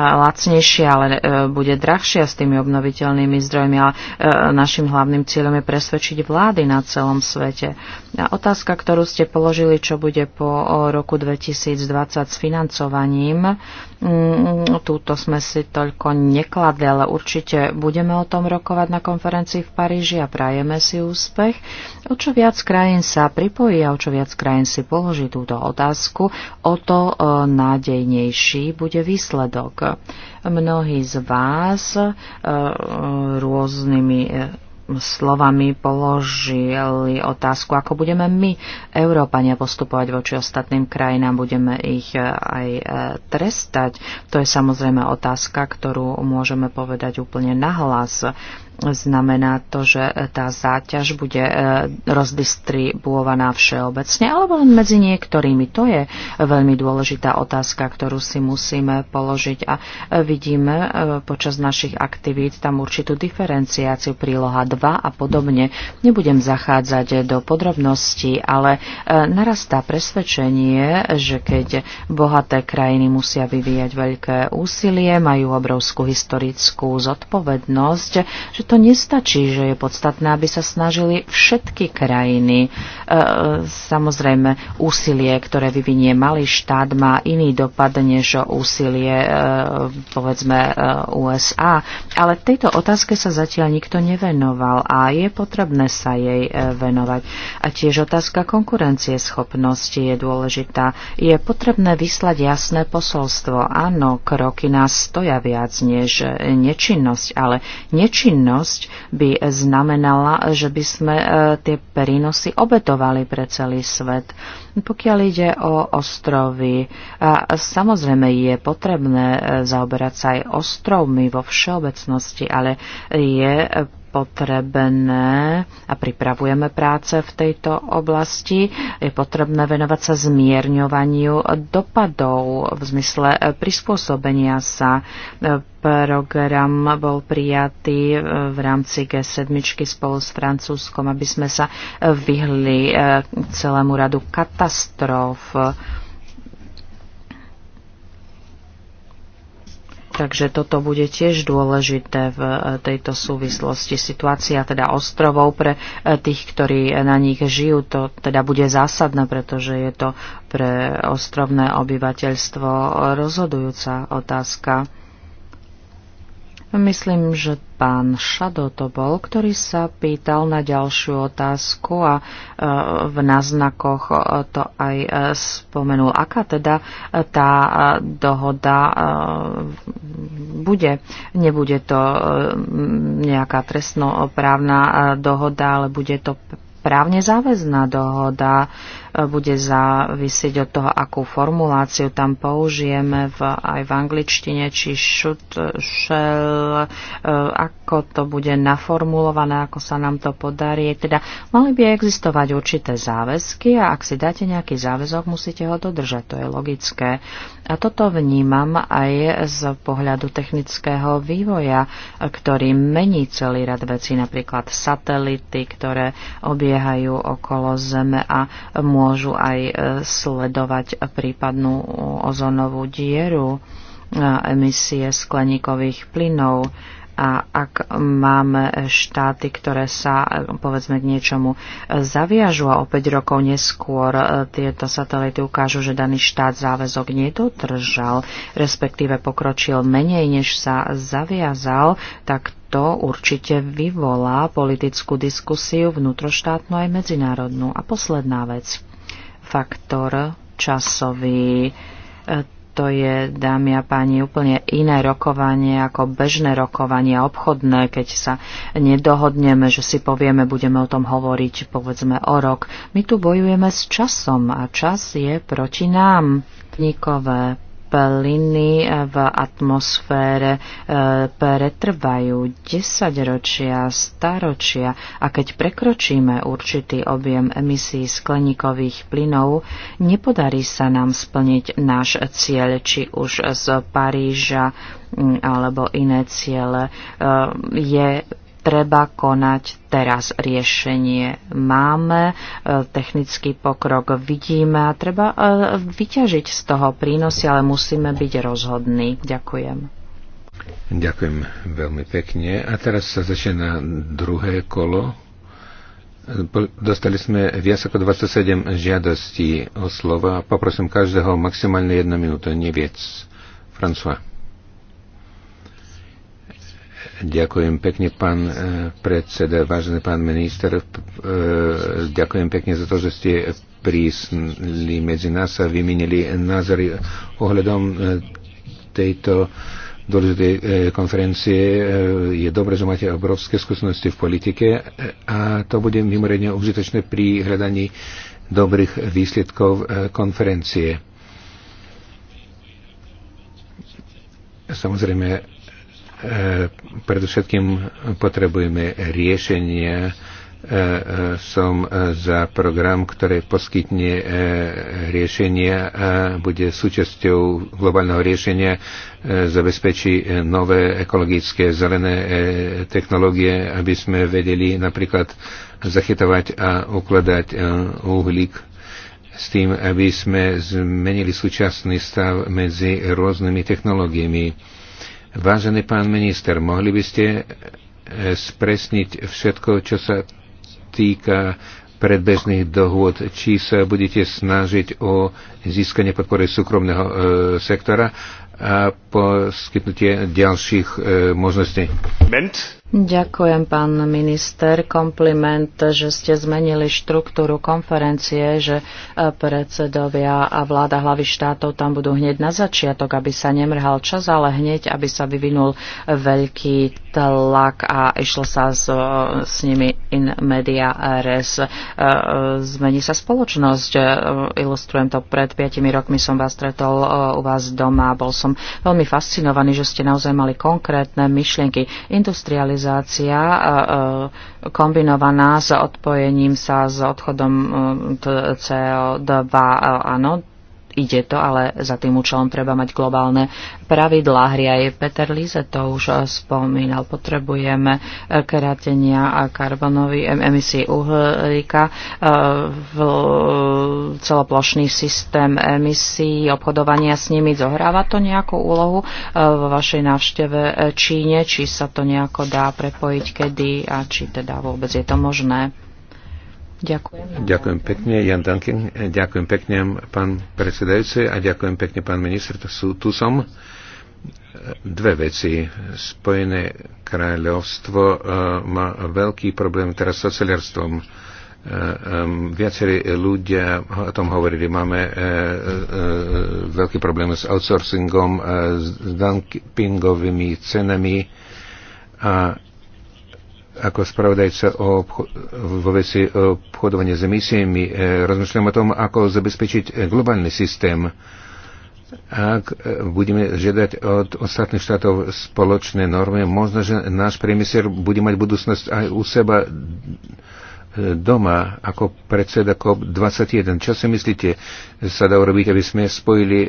S2: lacnejšia, ale e, bude drahšia s tými obnoviteľnými obnoviteľnými zdrojmi, ale e, našim hlavným cieľom je presvedčiť vlády na celom svete. A otázka, ktorú ste položili, čo bude po roku 2020 s financovaním, Mm, túto sme si toľko nekladli, ale určite budeme o tom rokovať na konferencii v Paríži a prajeme si úspech. O čo viac krajín sa pripojí a o čo viac krajín si položí túto otázku, o to e, nádejnejší bude výsledok. Mnohí z vás e, e, rôznymi slovami položili otázku, ako budeme my, Európania, postupovať voči ostatným krajinám, budeme ich eh, aj eh, trestať. To je samozrejme otázka, ktorú môžeme povedať úplne nahlas. Znamená to, že tá záťaž bude e, rozdistribuovaná všeobecne alebo len medzi niektorými. To je veľmi dôležitá otázka, ktorú si musíme položiť a e, vidíme e, počas našich aktivít tam určitú diferenciáciu príloha 2 a podobne. Nebudem zachádzať do podrobností, ale narastá presvedčenie, že keď bohaté krajiny musia vyvíjať veľké úsilie, majú obrovskú historickú zodpovednosť, že to nestačí, že je podstatné, aby sa snažili všetky krajiny. E, samozrejme, úsilie, ktoré vyvinie malý štát, má iný dopad než úsilie, e, povedzme, e, USA. Ale tejto otázke sa zatiaľ nikto nevenoval a je potrebné sa jej venovať. A tiež otázka konkurencie schopnosti je dôležitá. Je potrebné vyslať jasné posolstvo. Áno, kroky nás stoja viac než nečinnosť, ale nečinnosť činnosť by znamenala, že by sme e, tie prínosy obetovali pre celý svet. Pokiaľ ide o ostrovy, a e, samozrejme je potrebné e, zaoberať sa aj ostrovmi vo všeobecnosti, ale je potrebné a pripravujeme práce v tejto oblasti. Je potrebné venovať sa zmierňovaniu dopadov v zmysle prispôsobenia sa program bol prijatý v rámci G7 spolu s Francúzskom, aby sme sa vyhli eh, celému radu katastrof Takže toto bude tiež dôležité v eh, tejto súvislosti. Situácia teda ostrovov pre eh, tých, ktorí eh, na nich žijú, to teda bude zásadné, pretože je to pre ostrovné obyvateľstvo rozhodujúca otázka. Myslím, že pán Šado to bol, ktorý sa pýtal na ďalšiu otázku a e, v náznakoch e, to aj e, spomenul. Aká teda tá dohoda bude? Nebude to nejaká trestnoprávna dohoda, ale bude to právne záväzná dohoda bude závisieť od toho, akú formuláciu tam použijeme v, aj v angličtine, či should, shall, e, ako to bude naformulované, ako sa nám to podarí. Teda mali by existovať určité záväzky a ak si dáte nejaký záväzok, musíte ho dodržať. To je logické. A toto vnímam aj z pohľadu technického vývoja, ktorý mení celý rad vecí, napríklad satelity, ktoré obiehajú okolo Zeme a môžu môžu aj e, sledovať prípadnú ozonovú dieru, e, emisie skleníkových plynov, a ak máme štáty, ktoré sa e, povedzme k niečomu zaviažu a o 5 rokov neskôr tieto satelity ukážu, že daný štát záväzok nedodržal, respektíve pokročil menej, než sa zaviazal, tak to určite vyvolá politickú diskusiu vnútroštátnu aj medzinárodnú. A posledná vec faktor časový. E, to je, dámy a páni, úplne iné rokovanie ako bežné rokovanie obchodné, keď sa nedohodneme, že si povieme, budeme o tom hovoriť povedzme o rok. My tu bojujeme s časom a čas je proti nám. Nikové plyny v atmosfére e, pretrvajú desaťročia, staročia a keď prekročíme určitý objem emisí skleníkových plynov, nepodarí sa nám splniť náš cieľ, či už z Paríža alebo iné ciele. E, je treba konať teraz. Riešenie máme, e, technický pokrok vidíme a treba e, vyťažiť z toho prínosy, ale musíme byť rozhodní. Ďakujem.
S1: Ďakujem veľmi pekne. A teraz sa začína druhé kolo. Dostali sme viac ako 27 žiadostí o slova. Poprosím každého maximálne jednu minútu, nie viac. François. Ďakujem pekne, pán e, predseda, vážený pán minister. E, ďakujem pekne za to, že ste prísli medzi nás a vymenili názory ohľadom e, tejto dôležitej konferencie. Je dobré, že máte obrovské skúsenosti v politike a to bude mimoriadne užitočné pri hľadaní dobrých výsledkov konferencie. Samozrejme, E, predovšetkým potrebujeme riešenia. E, e, som za program, ktorý poskytne riešenia a bude súčasťou globálneho riešenia, zabezpečí nové ekologické zelené technológie, aby sme vedeli napríklad zachytovať a ukladať uhlík s tým, aby sme zmenili súčasný stav medzi rôznymi technológiami Vážený pán minister, mohli by ste e, spresniť všetko, čo sa týka predbežných dohôd, či sa budete snažiť o získanie podpory súkromného e, sektora a poskytnutie ďalších e, možností. Ment.
S2: Ďakujem, pán minister. Kompliment, že ste zmenili štruktúru konferencie, že e, predsedovia a vláda hlavy štátov tam budú hneď na začiatok, aby sa nemrhal čas, ale hneď, aby sa vyvinul veľký tlak a išlo sa s, e, s nimi in media res. E, zmení sa spoločnosť. Ilustrujem to, pred piatimi rokmi som vás stretol u vás doma. Bol som veľmi fascinovaný, že ste naozaj mali konkrétne myšlienky. Industrializácia liberalizácia kombinovaná s odpojením sa s odchodom e, CO2. E, áno, ide to, ale za tým účelom treba mať globálne pravidlá hry. Aj Peter Líze to už eh, spomínal. Potrebujeme eh, krátenia karbonových emisí uhlíka, eh, celoplošný systém emisí, obchodovania s nimi. Zohráva to nejakú úlohu vo vašej návšteve Číne? Či sa to nejako dá prepojiť kedy a či teda vôbec je to možné? Ďakujem.
S1: Ďakujem pekne, Jan Duncan. Ďakujem pekne, pán predsedajúci a ďakujem pekne, pán minister. tu som. Dve veci. Spojené kráľovstvo uh, má veľký problém teraz s oceliarstvom. um, eh, viacerí ľudia o tom hovorili. Máme uh, uh, veľký problém s outsourcingom, uh, s dumpingovými cenami a ako spravodajca o obcho- vo veci obchodovania s emisiami e, rozmýšľam o tom, ako zabezpečiť e, globálny systém. Ak e, budeme žiadať od ostatných štátov spoločné normy, možno, že náš priemysel bude mať budúcnosť aj u seba doma ako predseda COP21. Čo si myslíte, sa dá urobiť, aby sme spojili e,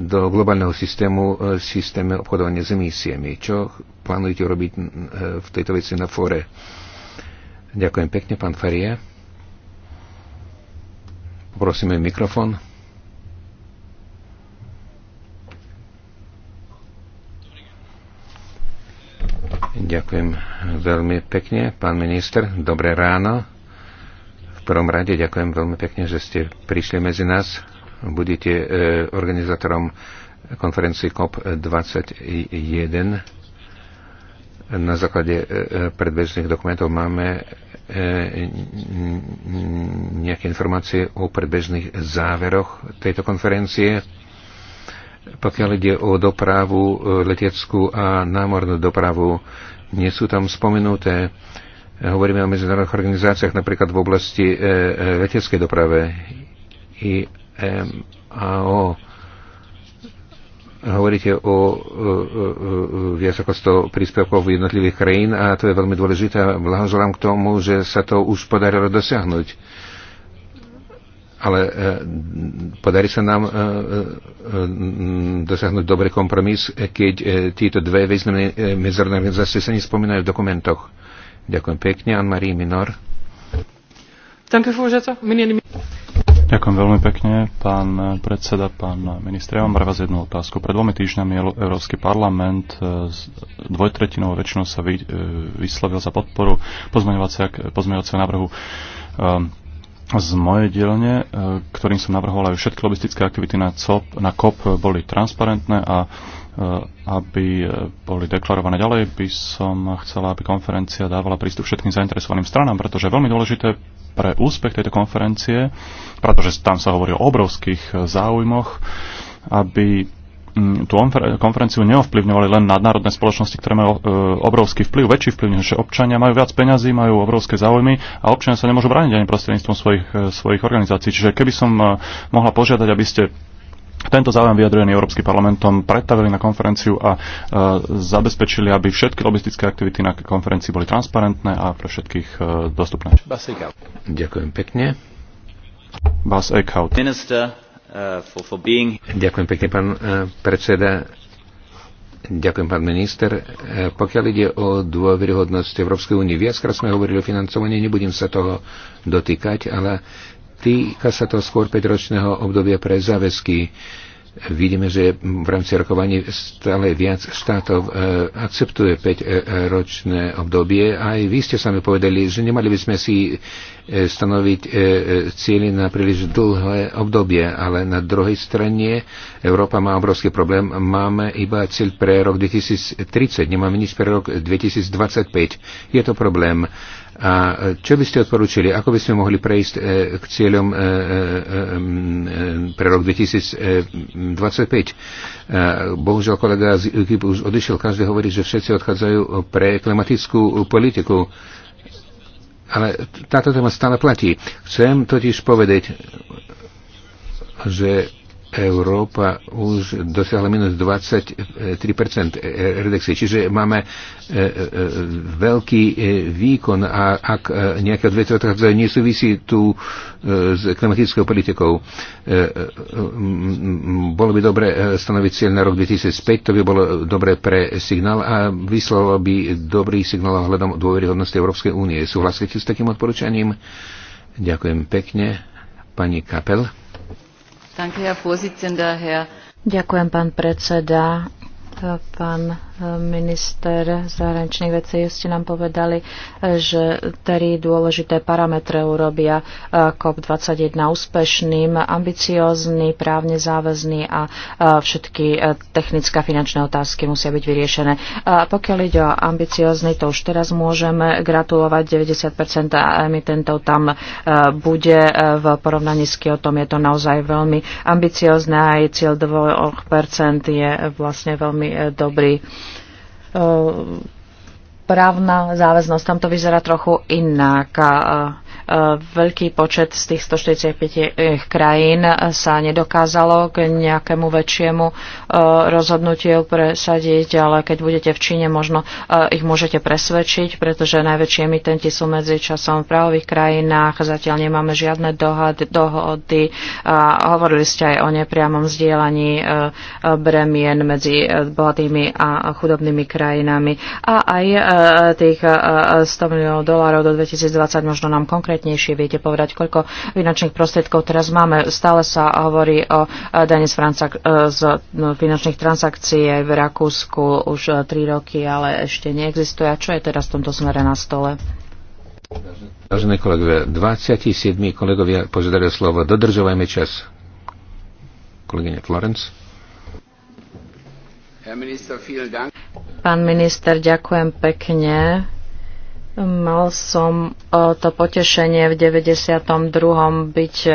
S1: do globálneho systému e, systéme obchodovania s emisiami? Čo plánujete urobiť e, v tejto veci na fóre? Ďakujem pekne, pán Faria. Poprosíme mikrofón. Ďakujem veľmi pekne, pán minister. Dobré ráno prvom rade ďakujem veľmi pekne, že ste prišli medzi nás. Budete e, organizátorom konferencie COP21. Na základe e, e, predbežných dokumentov máme e, nejaké informácie o predbežných záveroch tejto konferencie. Pokiaľ ide o dopravu e, leteckú a námornú dopravu, nie sú tam spomenuté. E, Hovoríme o medzinárodných organizáciách napríklad v oblasti e, e, leteckej doprave i MAO. Hovoríte o, o, o viac ako 100 príspevkov jednotlivých krajín a to je veľmi dôležité a blahoželám k tomu, že sa to už podarilo dosiahnuť ale e, podarí sa nám dosiahnuť dobrý kompromis, keď títo dve významné medzinárodné organizácie sa nespomínajú v dokumentoch. Ďakujem pekne, Anne-Marie Minor. Ďakujem
S3: veľmi pekne, pán predseda, pán minister. Ja mám pre vás jednu otázku. Pred dvomi týždňami Európsky parlament e, s dvojtretinou väčšinou sa e, vyslovil za podporu pozmeňovacieho návrhu e, z mojej dielne, ktorým som navrhoval aj všetky lobistické aktivity na COP, na COP boli transparentné a aby e, boli deklarované. Ďalej by som chcela, aby konferencia dávala prístup všetkým zainteresovaným stranám, pretože je veľmi dôležité pre úspech tejto konferencie, pretože tam sa hovorí o obrovských e, záujmoch, aby tú konferenciu neovplyvňovali len nadnárodné spoločnosti, ktoré majú e, obrovský vplyv, väčší vplyv než občania, majú viac peňazí, majú obrovské záujmy a občania sa nemôžu brániť ani prostredníctvom svojich, svojich organizácií. Čiže keby som mohla požiadať, aby ste tento záujem vyjadrený Európsky parlamentom predstavili na konferenciu a e, zabezpečili, aby všetky lobistické aktivity na konferencii boli transparentné a
S1: pre všetkých e, dostupné. Ďakujem pekne. Bas Eichhout. Minister, uh, for, for being... Ďakujem pekne, pán uh, predseda. Ďakujem, pán minister. E, pokiaľ ide o dôveryhodnosť Európskej únie, viackrát sme hovorili o financovaní, nebudem sa toho dotýkať, ale Týka sa to skôr 5-ročného obdobia pre záväzky. Vidíme, že v rámci rokovaní stále viac štátov e, akceptuje 5-ročné obdobie. Aj vy ste sami povedali, že nemali by sme si e, stanoviť e, cieľy na príliš dlhé obdobie, ale na druhej strane Európa má obrovský problém. Máme iba cieľ pre rok 2030, nemáme nič pre rok 2025. Je to problém. A e, čo by ste odporúčili? Ako by sme mohli prejsť e, k cieľom e, pre rok 2025? Bohužiaľ, kolega z UKIP už odišiel. Každý hovorí, že všetci odchádzajú pre klimatickú politiku. Ale táto téma stále platí. Chcem totiž povedať, že Európa už dosiahla minus 23% redexie. Čiže máme e, e, veľký e, výkon a ak nejaké odvetvia odchádzajú, nesúvisí tu s klimatickou politikou. Bolo by dobre stanoviť cieľ na rok 2005, to by bolo dobre pre signál a vyslalo by dobrý signál ohľadom dôveryhodnosti Európskej únie. Súhlasíte s takým odporúčaním? Ďakujem pekne. Pani Kapel.
S2: Ďakujem, pán predseda, pán minister zahraničných vecí, ste nám povedali, že tri dôležité parametre urobia e, COP21 úspešným, ambiciózny, právne záväzný a e, všetky e, technické a finančné otázky musia byť vyriešené. A pokiaľ ide o ambiciózny, to už teraz môžeme gratulovať. 90% emitentov tam bude v porovnaní s Kyotom. Je to naozaj veľmi ambiciózne aj cieľ 2% je vlastne veľmi dobrý. Ehm, právna záväznosť. Tam to vyzerá trochu inak. Veľký počet z tých 145 krajín sa nedokázalo k nejakému väčšiemu e, rozhodnutiu presadiť, ale keď budete v Číne, možno e, ich môžete presvedčiť, pretože najväčšie emitenti sú medzi časom v právových krajinách, zatiaľ nemáme žiadne dohady. dohody. Hovorili ste aj o nepriamom vzdielaní e, bremien medzi bohatými a chudobnými krajinami. A aj tých 100 miliónov dolárov do 2020 možno nám konkrétne konkrétnejšie viete povedať, koľko finančných prostriedkov teraz máme. Stále sa hovorí o eh, dane z, Francak- eh, z no, finančných transakcií aj v Rakúsku už eh, tri roky, ale ešte neexistuje. A čo je teraz v tomto smere na stole?
S1: Vážené kolegovia, 27 kolegovia požiadali slovo. Dodržovajme čas. Kolegyne Florence.
S2: Pán minister, ďakujem pekne Mal som e, to potešenie v 92. byť e,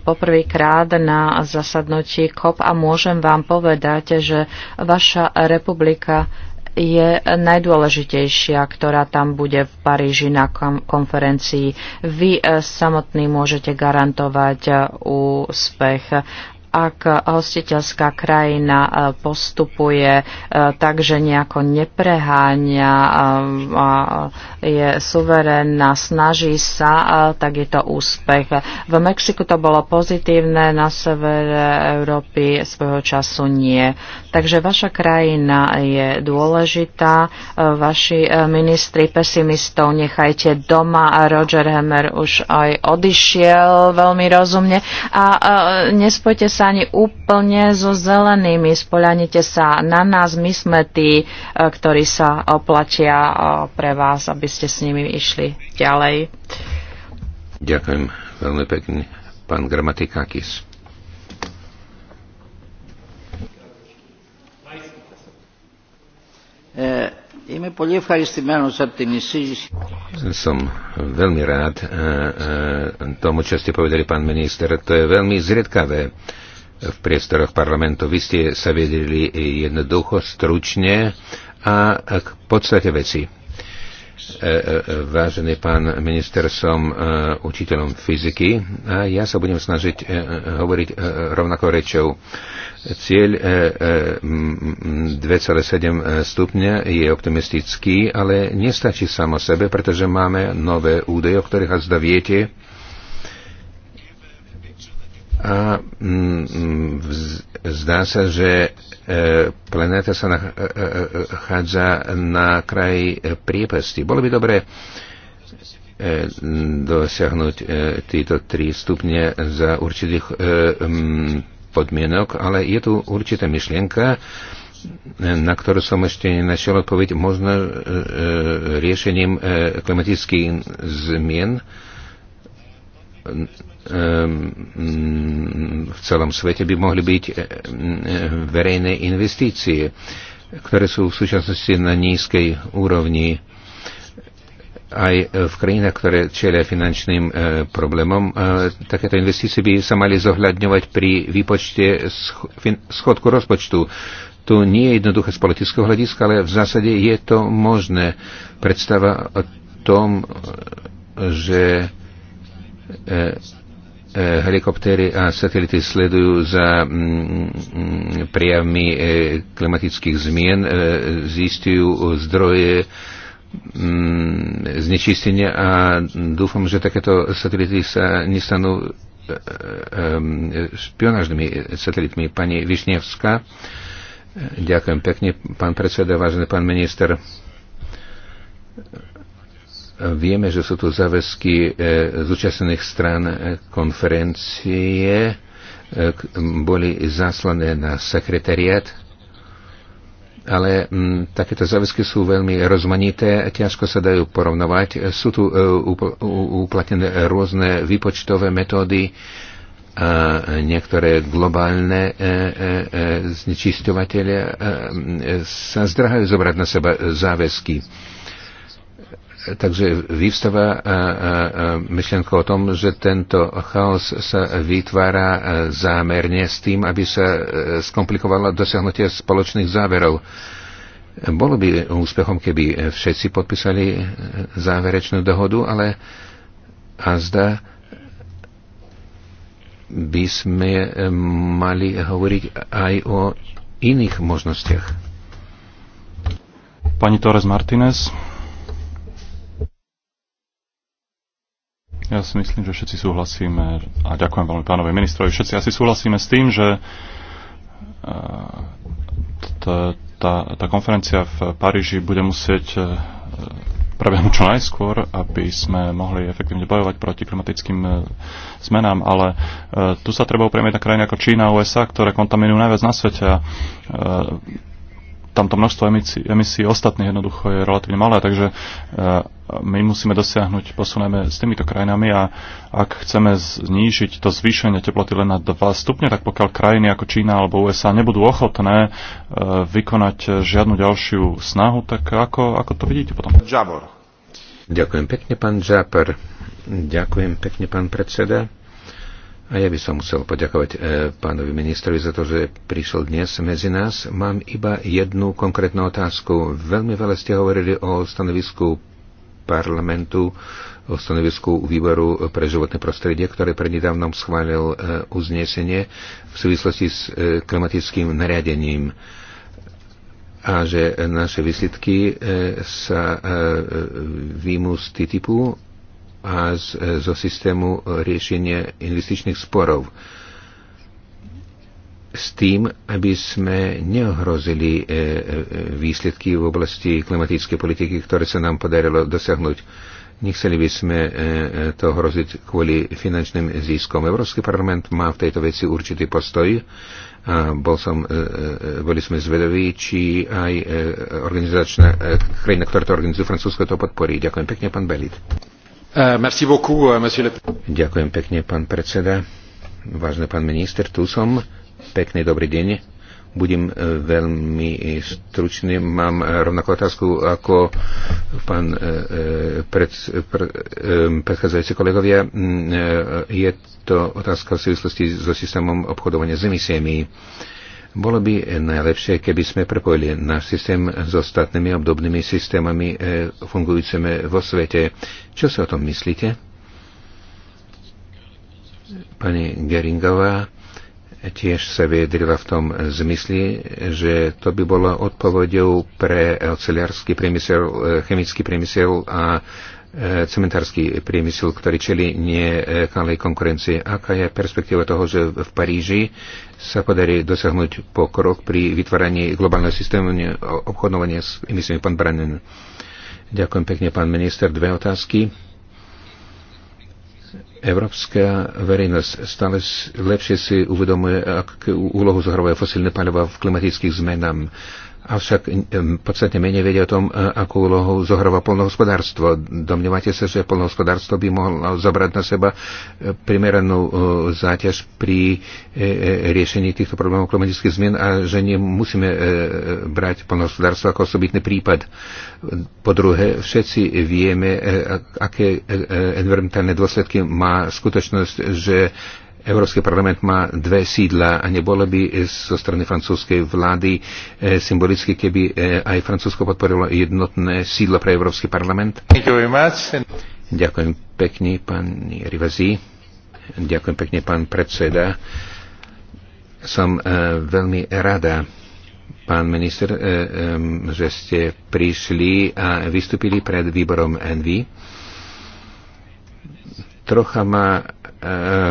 S2: poprvýkrát na zasadnutí COP a môžem vám povedať, že vaša republika je najdôležitejšia, ktorá tam bude v Paríži na konferencii. Vy e, samotný môžete garantovať úspech ak hostiteľská krajina e, postupuje e, tak, že nejako nepreháňa e, a je suverénna, snaží sa, tak je to úspech. V Mexiku to bolo pozitívne, na severe Európy svojho času nie. Takže vaša krajina je dôležitá. Vaši e, ministri pesimistov nechajte doma a Roger Hammer už aj odišiel veľmi rozumne. A e, nespojte sa ani úplne so zelenými. Spoľanite sa na nás. My sme tí, e, ktorí sa oplatia pre vás, aby ste s nimi išli ďalej.
S1: Ďakujem veľmi pekne, pán Gramatikakis. Eh, som veľmi rád eh, eh, tomu, čo ste povedali, pán minister. To je veľmi zriedkavé v priestoroch parlamentu. Vy ste sa vedeli jednoducho, stručne a k podstate veci. Vážený pán minister, som učiteľom fyziky a ja sa budem snažiť hovoriť rovnako rečou. Cieľ 2,7 e, e, e, stupňa je optimistický, ale nestačí samo sebe, pretože máme nové údaje, o ktorých až viete. A zdá sa, že planéta sa nachádza na kraji priepasti. Bolo by dobre dosiahnuť títo tri stupne za určitých podmienok, ale je tu určitá myšlienka, na ktorú som ešte nenašiel odpoveď, možno e, e riešením e, klimatických zmien e, v celom svete by mohli byť e, verejné investície, ktoré sú v súčasnosti na nízkej úrovni E, aj e, v krajinách, ktoré čelia finančným e, problémom, e, takéto investície by sa mali zohľadňovať pri výpočte schodku rozpočtu. Tu nie je jednoduché z politického hľadiska, ale v zásade je to možné. Predstava o tom, že helikoptéry a satelity sledujú za mm, mm, mm, prijavmi klimatických zmien, zistujú zdroje Mm, znečistenia a dúfam, že takéto satelity sa nestanú e, e, špionážnymi satelitmi. Pani Višnevská, ďakujem pekne, pán predseda, vážený pán minister. Vieme, že sú tu záväzky e, zúčastnených strán konferencie, boli zaslané na sekretariat ale m, mm, takéto záväzky sú veľmi rozmanité, ťažko sa dajú porovnovať. Sú tu e, uplatnené rôzne výpočtové metódy, uh, niektoré globálne uh, e, e, uh, sa zdrhajú zobrať na seba záväzky. Takže vyvstáva myšlienka o tom, že tento chaos sa vytvára e, zámerne s tým, aby sa e, skomplikovalo dosiahnutie spoločných záverov. Bolo by úspechom, keby všetci podpísali e, záverečnú dohodu, ale a zda by sme mali hovoriť aj o iných možnostiach. Pani Torres Martinez.
S3: Ja si myslím, že všetci súhlasíme, a ďakujem veľmi pánovi ministrovi, všetci asi súhlasíme s tým, že e, tá, konferencia v Paríži bude musieť e, prebehnúť čo najskôr, aby sme mohli efektívne bojovať proti klimatickým e, zmenám, ale tu sa treba upriamiť na krajiny ako Čína a USA, ktoré kontaminujú najviac na svete a tamto množstvo emisí ostatných jednoducho je relatívne malé, takže my musíme dosiahnuť posuneme s týmito krajinami a ak chceme znížiť to zvýšenie teploty len na 2 stupne, tak pokiaľ krajiny ako Čína alebo USA nebudú ochotné e, vykonať
S1: žiadnu ďalšiu snahu, tak ako, ako to vidíte potom? Džabor. Ďakujem pekne, pán Džapar. Ďakujem pekne, pán predseda. A ja by som musel poďakovať e, pánovi ministrovi za to, že prišiel dnes medzi nás. Mám iba jednu konkrétnu otázku. Veľmi veľa ste hovorili o stanovisku parlamentu o stanovisku výboru pre životné prostredie, ktoré prednedávnom schválil e, uznesenie v súvislosti s e, klimatickým nariadením a že naše výsledky e, sa výjmu z TTIPu a zo systému riešenia investičných sporov s tým, aby sme neohrozili e, e, výsledky v oblasti klimatickej politiky, ktoré sa nám podarilo dosiahnuť. Nechceli by sme e, to hroziť kvôli finančným ziskom. Európsky parlament má v tejto veci určitý postoj. A bol som, boli sme zvedaví, či aj organizačná krajina, ktorá to organizuje, Francúzsko, to podporí. Ďakujem pekne, pán Belit. merci beaucoup, monsieur le... Ďakujem pekne, pán predseda. Vážne pán minister, tu som. Pekný dobrý deň. Budem e, veľmi e, stručný. Mám e, rovnakú otázku ako pán pred, pred, predchádzajúci kolegovia. Mm, je to otázka v súvislosti so systémom obchodovania s emisiami. Bolo by najlepšie, keby sme prepojili náš systém s ostatnými obdobnými systémami fungujúcimi vo svete. Čo si o tom myslíte? Pani Geringová, tiež sa vyjadrila v tom zmysli, že to by bolo odpovedou pre oceliarský priemysel, eh, chemický priemysel a eh, cementársky priemysel, ktorý čeli nekalej konkurencie. Aká je perspektíva toho, že v Paríži sa podarí dosiahnuť pokrok pri vytváraní globálneho systému obchodovania s emisiami? Pán Branen. Ďakujem pekne, pán minister. Dve otázky Európska verejnosť stále lepšie si uvedomuje, akú úlohu zohrávajú fosílne paliva v klimatických zmenách avšak podstatne menej vedia o tom, e, akú úlohu zohráva polnohospodárstvo. Domnievate sa, že polnohospodárstvo by mohlo zobrať na seba e, primeranú e, záťaž pri riešení týchto problémov klimatických zmien a že nemusíme brať polnohospodárstvo ako osobitný prípad. Po druhé, všetci vieme, aké environmentálne dôsledky má skutočnosť, že Európsky parlament má dve sídla a nebolo by zo strany francúzskej vlády eh, symbolicky, keby eh, aj Francúzsko podporilo jednotné sídlo pre Európsky parlament. Ďakujem pekne, pán Rivazí. Ďakujem pekne, pán predseda. Som e, veľmi rada, pán minister, e, e, že ste prišli a vystúpili pred výborom NV. Trocha ma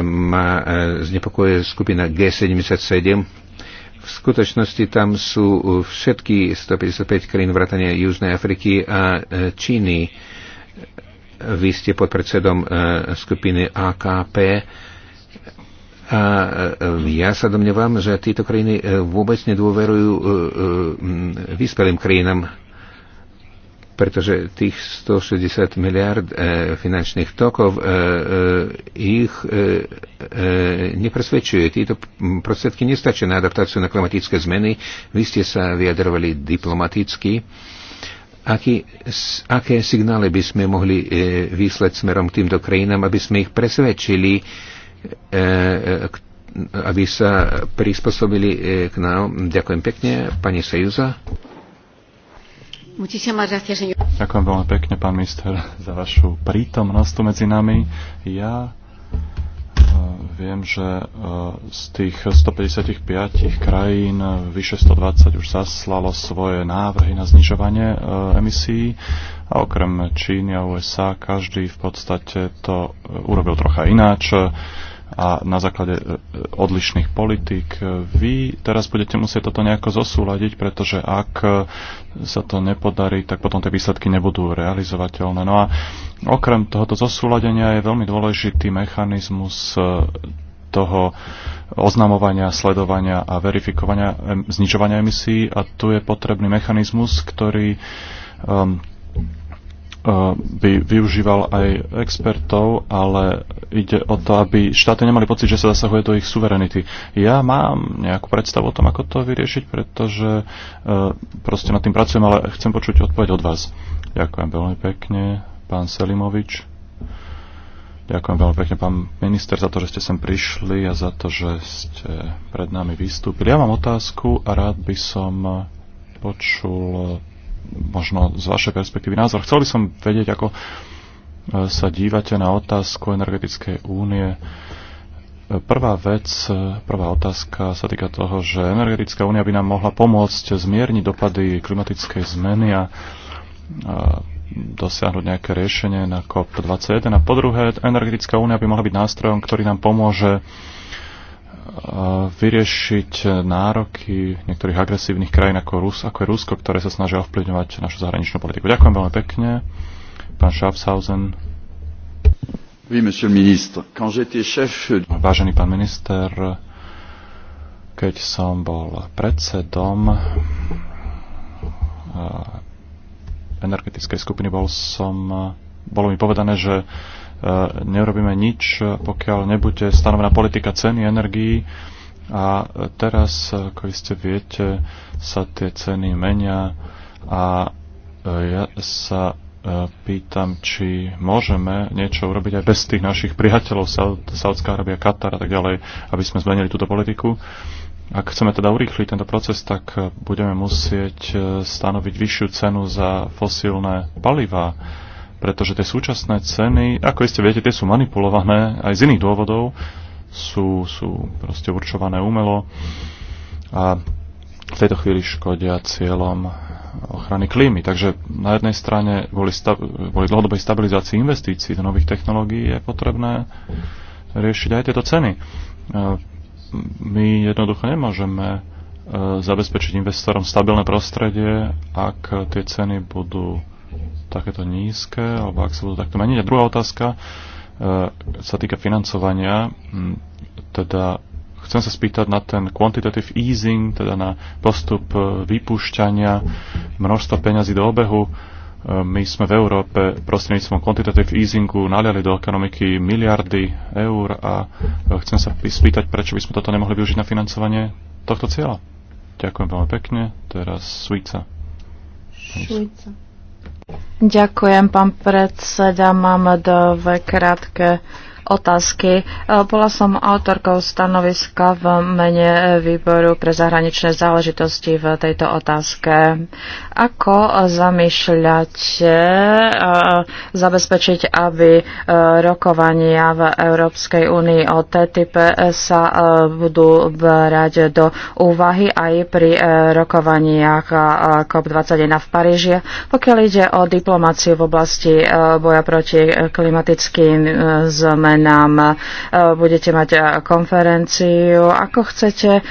S1: ma e, znepokojuje skupina G77. V skutočnosti tam sú e, všetky 155 krajín vrátania Južnej Afriky a e, Číny. Vy ste podpredsedom skupiny AKP. A ja sa domnievam, že títo krajiny vôbec nedôverujú vyspelým krajinám pretože tých 160 miliard e, finančných tokov, e, e, ich e, e, nepresvedčuje. Títo prostriedky nestačia na adaptáciu na klimatické zmeny. Vy ste sa vyjadrovali diplomaticky. Aký, s, aké signály by sme mohli e, vyslať smerom k týmto krajinám, aby sme ich presvedčili, e, e k, aby sa prispôsobili e, k nám? Ďakujem pekne, pani Sejuza.
S3: Ďakujem
S1: veľmi pekne, pán minister, za vašu
S3: prítomnosť tu medzi nami. Ja eh, viem, že eh, z tých 155 krajín eh, vyše 120 už zaslalo svoje návrhy na znižovanie emisí a okrem Číny a USA každý v podstate to urobil trocha ináč a na základe e, e, odlišných politík. E, vy teraz budete musieť toto nejako zosúľadiť, pretože ak sa to nepodarí, tak potom tie výsledky nebudú realizovateľné. No a okrem tohoto zosúladenia je veľmi dôležitý mechanizmus toho oznamovania, sledovania a verifikovania, znižovania emisí a tu je potrebný mechanizmus, ktorý um, by využíval aj expertov, ale ide o to, aby štáty nemali pocit, že sa zasahuje do ich suverenity. Ja mám nejakú predstavu o tom, ako to vyriešiť, pretože e, proste nad tým pracujem, ale chcem počuť odpoveď od vás. Ďakujem veľmi pekne, pán Selimovič. Ďakujem veľmi pekne, pán minister, za to, že ste sem prišli a za to, že ste pred nami vystúpili. Ja mám otázku a rád by som počul možno z vašej perspektívy názor. Chcel by som vedieť, ako e, sa dívate na otázku energetickej únie. E, prvá vec, e, prvá otázka sa týka toho, že energetická únia by nám mohla pomôcť zmierniť dopady klimatickej zmeny a, a dosiahnuť nejaké riešenie na COP21. A po druhé, energetická únia by mohla byť nástrojom, ktorý nám pomôže vyriešiť nároky niektorých agresívnych krajín ako, Rus, ako je Rusko, ktoré sa snažia ovplyvňovať našu zahraničnú politiku. Ďakujem veľmi pekne. Pán Schaffhausen. Oui, monsieur ministre. Quand j'étais chef... Vážený pán minister, keď som bol predsedom eh, energetickej skupiny, bol som, bolo mi povedané, že E, neurobíme nič, pokiaľ nebude stanovená politika ceny energií. A teraz, ako iste viete, sa tie ceny menia a e, ja sa e, pýtam, či môžeme niečo urobiť aj bez tých našich priateľov Saudská Arábia, Katar a tak ďalej, aby sme zmenili túto politiku. Ak chceme teda urýchliť tento proces, tak budeme musieť stanoviť vyššiu cenu za fosílne palivá pretože tie súčasné ceny, ako iste viete, tie sú manipulované aj z iných dôvodov, sú, sú proste určované umelo a v tejto chvíli škodia cieľom ochrany klímy. Takže na jednej strane kvôli, stav- kvôli dlhodobej stabilizácii investícií do nových technológií je potrebné riešiť aj tieto ceny. E, my jednoducho nemôžeme e, zabezpečiť investorom stabilné prostredie, ak tie ceny budú takéto nízke, alebo ak sa budú takto meniť. A druhá otázka e, sa týka financovania. Mm, teda chcem sa spýtať na ten quantitative easing, teda na postup e, vypúšťania množstva peňazí do obehu. E, my sme v Európe prostredníctvom quantitative easingu naliali do ekonomiky miliardy eur a chcem sa spýtať, prečo by sme toto nemohli využiť na financovanie tohto cieľa. Ďakujem veľmi pekne. Teraz Suica.
S2: Švica. Ďakujem, pán predseda. Mám dve krátke otázky. E, bola som autorkou stanoviska v mene výboru pre zahraničné záležitosti v tejto otázke. Ako zamýšľate e, zabezpečiť, aby e, rokovania v Európskej únii o TTIP sa budú brať do úvahy aj pri rokovaniach COP21 v Paríži, pokiaľ ide o diplomáciu v oblasti boja proti klimatickým zmenám? zmenám. E, budete mať e, konferenciu. Ako chcete e,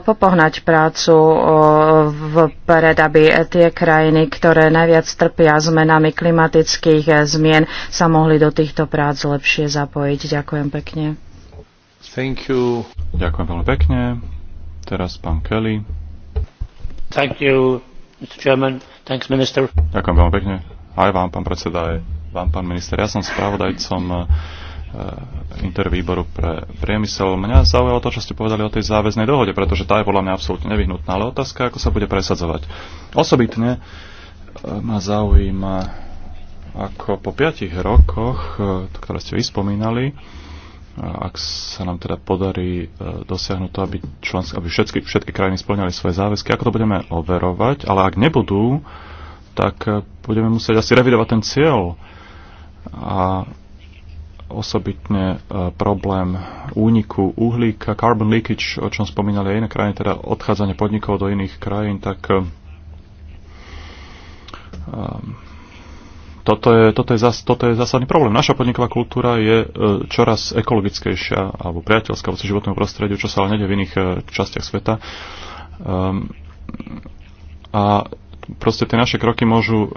S2: popohnať prácu vpred, aby tie krajiny, ktoré najviac trpia zmenami klimatických zmien, sa mohli do týchto prác lepšie zapojiť? Ďakujem pekne.
S1: Thank you.
S3: Ďakujem veľmi pekne. Teraz pán Kelly.
S1: Thank you, Mr. Chairman. Thanks, Minister.
S3: Ďakujem veľmi pekne. Aj vám, pán predseda, aj vám, pán minister. Ja som spravodajcom Eh, intervýboru pre priemysel. Mňa zaujalo to, čo ste povedali o tej záväznej dohode, pretože tá je podľa mňa absolútne nevyhnutná, ale otázka, ako sa bude presadzovať. Osobitne eh, ma zaujíma, ako po piatich rokoch, eh, ktoré ste vyspomínali, ak sa nám teda podarí dosiahnuť to, aby, člensk- aby všetky, všetky krajiny splňali svoje záväzky, ako to budeme overovať, ale ak nebudú, tak budeme musieť asi revidovať ten cieľ. A osobitne e, problém úniku uhlíka, carbon leakage, o čom spomínali aj iné krajiny, teda odchádzanie podnikov do iných krajín, tak e, e, toto je, toto, je zas, toto je zásadný problém. Naša podniková kultúra je čoraz ekologickejšia alebo priateľská voči životnému prostrediu, čo sa ale nedie v iných častiach sveta. Ehm, a proste tie naše kroky môžu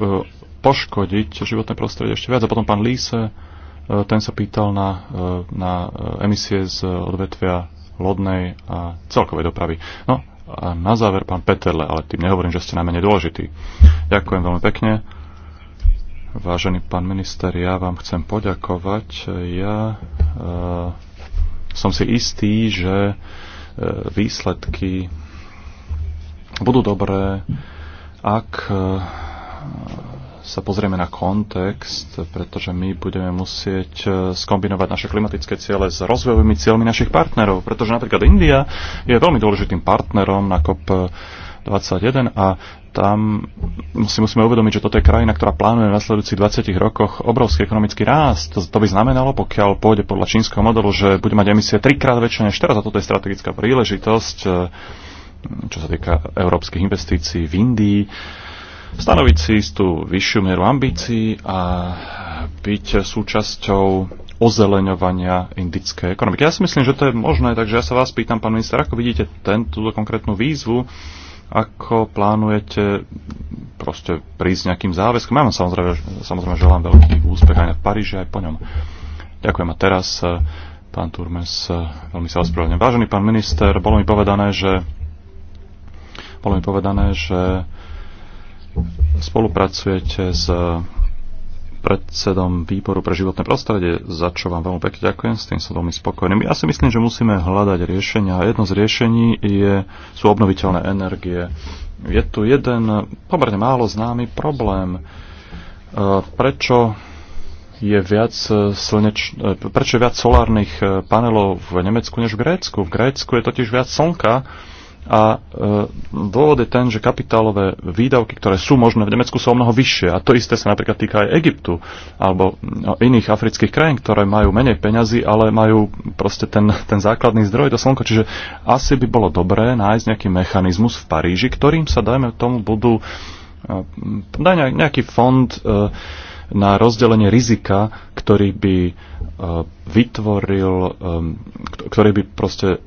S3: poškodiť životné prostredie ešte viac. A potom pán Líse E, ten sa pýtal na, e, na emisie z odvetvia lodnej a celkovej dopravy. No a na záver pán Peterle, ale tým nehovorím, že ste najmenej dôležitý. Ďakujem veľmi pekne. Vážený pán minister, ja vám chcem poďakovať. Ja e, som si istý, že e, výsledky budú dobré, ak e, sa pozrieme na kontext, pretože my budeme musieť e, skombinovať naše klimatické ciele s rozvojovými cieľmi našich partnerov, pretože napríklad India je veľmi dôležitým partnerom na COP21 e, a tam si musíme uvedomiť, že toto je krajina, ktorá plánuje v nasledujúcich 20 rokoch obrovský ekonomický rást. To, by znamenalo, pokiaľ pôjde podľa čínskeho modelu, že bude mať emisie trikrát väčšie než teraz a toto je strategická príležitosť, e, čo sa týka európskych investícií v Indii. Uh, stanoviť si istú vyššiu mieru ambícií a byť súčasťou ozeleňovania indickej ekonomiky. Ja si myslím, že to je možné, takže ja sa vás pýtam, pán minister, ako vidíte túto konkrétnu výzvu, ako plánujete proste prísť nejakým záväzkom. Ja vám samozrejme, samozrejme želám veľký úspech aj v Paríži, aj po ňom. Ďakujem a teraz eh, pán Turmes, eh, veľmi sa ospravedlňujem. Vážený pán minister, bolo mi povedané, že bolo mi povedané, že spolupracujete s predsedom výboru pre životné prostredie, za čo vám veľmi pekne ďakujem, s tým som veľmi spokojný. Ja si myslím, že musíme hľadať riešenia a jedno z riešení je, sú obnoviteľné energie. Je tu jeden pomerne málo známy problém. E, prečo je viac, e, slneč... E, prečo je viac solárnych panelov v Nemecku než v Grécku? V Grécku je totiž viac slnka, a e, dôvod je ten, že kapitálové výdavky, ktoré sú možné v Nemecku, sú o mnoho vyššie. A to isté sa napríklad týka aj Egyptu alebo no, iných afrických krajín, ktoré majú menej peňazí, ale majú proste ten, ten základný zdroj, to slnko. Čiže asi by bolo dobré nájsť nejaký mechanizmus v Paríži, ktorým sa, dajme tomu, budú e, daj nejaký fond e, na rozdelenie rizika, ktorý by e, vytvoril, e, ktorý by proste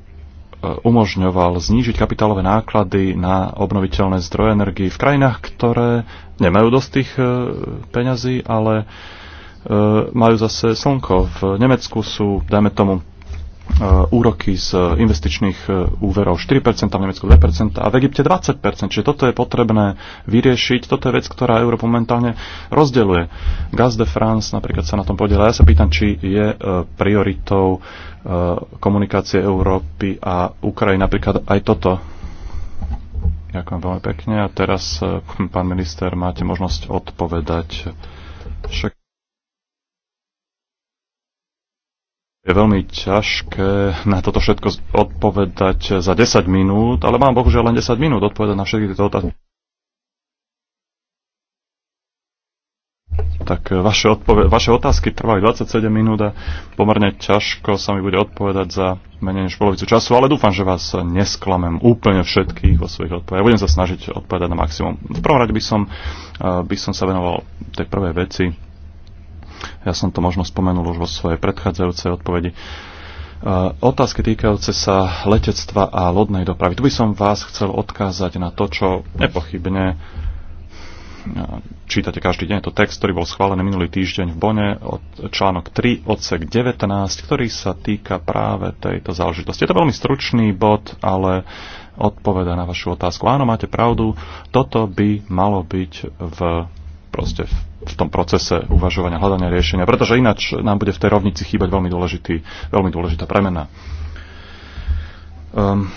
S3: E, umožňoval znížiť kapitálové náklady na obnoviteľné zdroje energii v krajinách, ktoré nemajú dosť tých e, peňazí, ale e, majú zase slnko. V Nemecku sú, dajme tomu, Eh, úroky z eh, investičných eh, úverov 4%, v Nemecku 2% a v Egypte 20%. Čiže toto je potrebné vyriešiť. Toto je vec, ktorá Európa momentálne rozdeluje. Gaz de France napríklad sa na tom podiela. Ja sa pýtam, či je prioritou komunikácie Európy a Ukrajiny napríklad aj toto. Ďakujem veľmi pekne. A teraz, pán minister, máte možnosť odpovedať. Však... Je veľmi ťažké na toto všetko odpovedať za 10 minút, ale mám bohužiaľ len 10 minút odpovedať na všetky tieto otázky. Tak eh, vaše, vaše otázky trvajú 27 minút a pomerne ťažko sa mi bude odpovedať za menej než polovicu času, ale dúfam, že vás nesklamem úplne všetkých vo svojich odpovediach. Budem sa snažiť odpovedať na maximum. V prvom rade by som, eh, by som sa venoval tej prvej veci, ja som to možno spomenul už vo svojej predchádzajúcej odpovedi. E, otázky týkajúce sa letectva a lodnej dopravy. Tu by som vás chcel odkázať na to, čo nepochybne e, čítate každý deň. Je to text, ktorý bol schválený minulý týždeň v Bone, od článok 3, odsek 19, ktorý sa týka práve tejto záležitosti. Je to veľmi stručný bod, ale odpoveda na vašu otázku. Áno, máte pravdu, toto by malo byť v proste v tom procese uvažovania, hľadania riešenia, pretože ináč nám bude v tej rovnici chýbať veľmi, dôležitý, veľmi dôležitá premena. Um,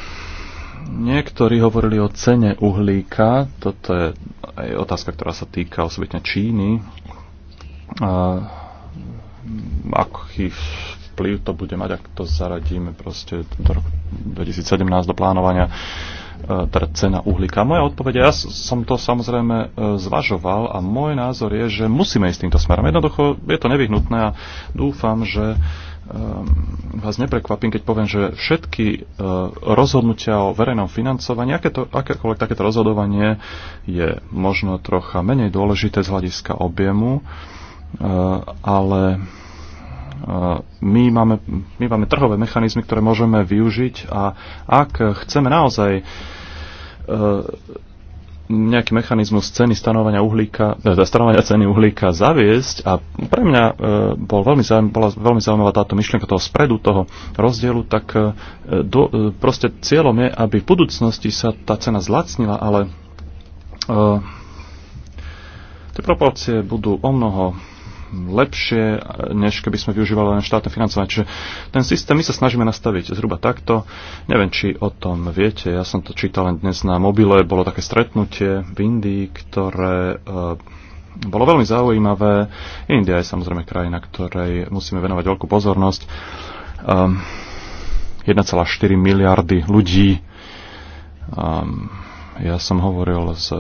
S3: niektorí hovorili o cene uhlíka, toto je aj otázka, ktorá sa týka osobitne Číny. Uh, aký vplyv to bude mať, ak to zaradíme proste do roku 2017 do plánovania. Uh, E, teda cena uhlíka. Moja odpoveď, ja som to samozrejme e, zvažoval a môj názor je, že musíme ísť týmto smerom. Jednoducho je to nevyhnutné a dúfam, že e, vás neprekvapím, keď poviem, že všetky rozhodnutia o verejnom financovaní, aké to, akékoľvek takéto rozhodovanie je možno trocha menej dôležité z hľadiska objemu, ale Eh, my máme, my máme trhové mechanizmy, ktoré môžeme využiť a ak chceme naozaj eh, nejaký mechanizmus ceny stanovania uhlíka, teda stanovania ceny uhlíka zaviesť a pre mňa eh, bol veľmi zaujím, bola veľmi zaujímavá táto myšlienka toho spredu, toho rozdielu, tak do, proste cieľom je, aby v budúcnosti sa tá cena zlacnila, ale uh, tie proporcie budú o mnoho lepšie, než keby sme využívali len štátne financovanie. Čiže ten systém my sa snažíme nastaviť zhruba takto. Neviem, či o tom viete, ja som to čítal len dnes na mobile, bolo také stretnutie v Indii, ktoré eh, bolo veľmi zaujímavé. India je samozrejme krajina, ktorej musíme venovať veľkú pozornosť. 1,4 ehm, miliardy ľudí ehm, ja som hovoril s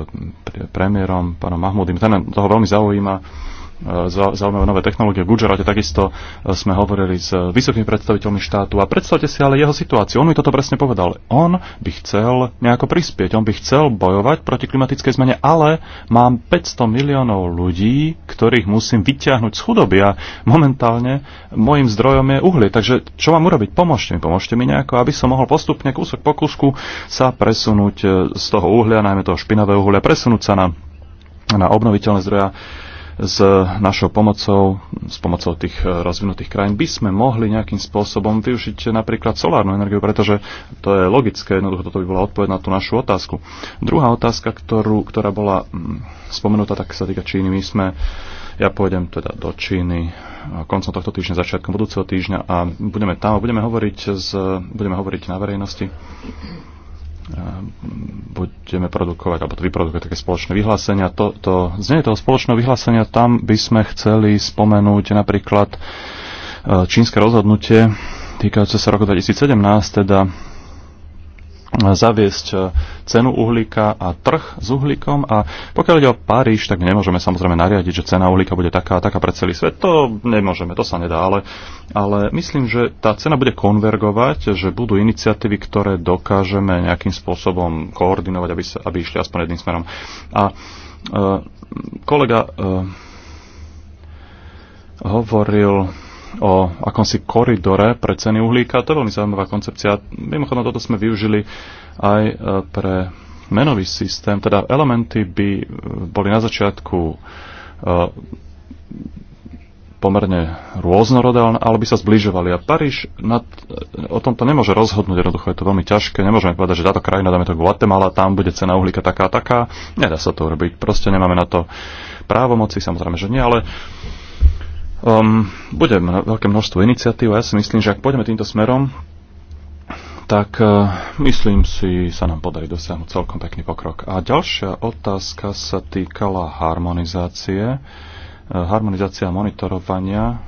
S3: premiérom, pánom Mahmudím, ten toho veľmi zaujíma E, zaujímavé nové technológie. V Gujarate takisto e, sme hovorili s e, vysokými predstaviteľmi štátu a predstavte si ale jeho situáciu. On mi toto presne povedal. On by chcel nejako prispieť, on by chcel bojovať proti klimatickej zmene, ale mám 500 miliónov ľudí, ktorých musím vyťahnuť z chudoby a momentálne môjim zdrojom je uhlie. Takže čo mám urobiť? Pomôžte mi, pomôžte mi nejako, aby som mohol postupne kúsok po kúsku sa presunúť z toho uhlia, najmä toho špinavého uhlia, presunúť sa na na obnoviteľné zdroja s našou pomocou, s pomocou tých eh, rozvinutých krajín, by sme mohli nejakým spôsobom využiť napríklad solárnu energiu, pretože to je logické, jednoducho toto by bola odpoveď na tú našu otázku. Druhá otázka, ktorú, ktorá bola mm, spomenutá, tak sa týka Číny. My sme ja pôjdem teda do Číny eh, koncom tohto týždňa, začiatkom budúceho týždňa a budeme tam a budeme hovoriť, z, budeme hovoriť na verejnosti Ehm, budeme produkovať, alebo to vyprodukovať také spoločné vyhlásenia. To, to znenie toho spoločného vyhlásenia, tam by sme chceli spomenúť napríklad e, čínske rozhodnutie týkajúce sa roku 2017, teda zaviesť e, cenu uhlíka a trh s uhlíkom a pokiaľ ide o Paríž, tak nemôžeme samozrejme nariadiť, že cena uhlíka bude taká a taká pre celý svet. To nemôžeme, to sa nedá, ale, ale myslím, že tá cena bude konvergovať, že budú iniciatívy, ktoré dokážeme nejakým spôsobom koordinovať, aby, sa, aby išli aspoň jedným smerom. A uh, kolega uh, hovoril o akomsi koridore pre ceny uhlíka. To je veľmi zaujímavá koncepcia. Mimochodom, toto sme využili aj e, pre menový systém. Teda elementy by e, boli na začiatku e, pomerne rôznorodé, ale by sa zbližovali. A Paríž nad, o tomto nemôže rozhodnúť, jednoducho je to veľmi ťažké. Nemôžeme povedať, že táto krajina, dáme to Guatemala, tam bude cena uhlíka taká a taká. Nedá sa to urobiť, proste nemáme na to právomoci, samozrejme, že nie, ale Um, bude veľké množstvo iniciatív a ja si myslím, že ak pôjdeme týmto smerom, tak uh, myslím si, sa nám podarí dosiahnuť celkom pekný pokrok. A ďalšia otázka sa týkala harmonizácie, uh, harmonizácia monitorovania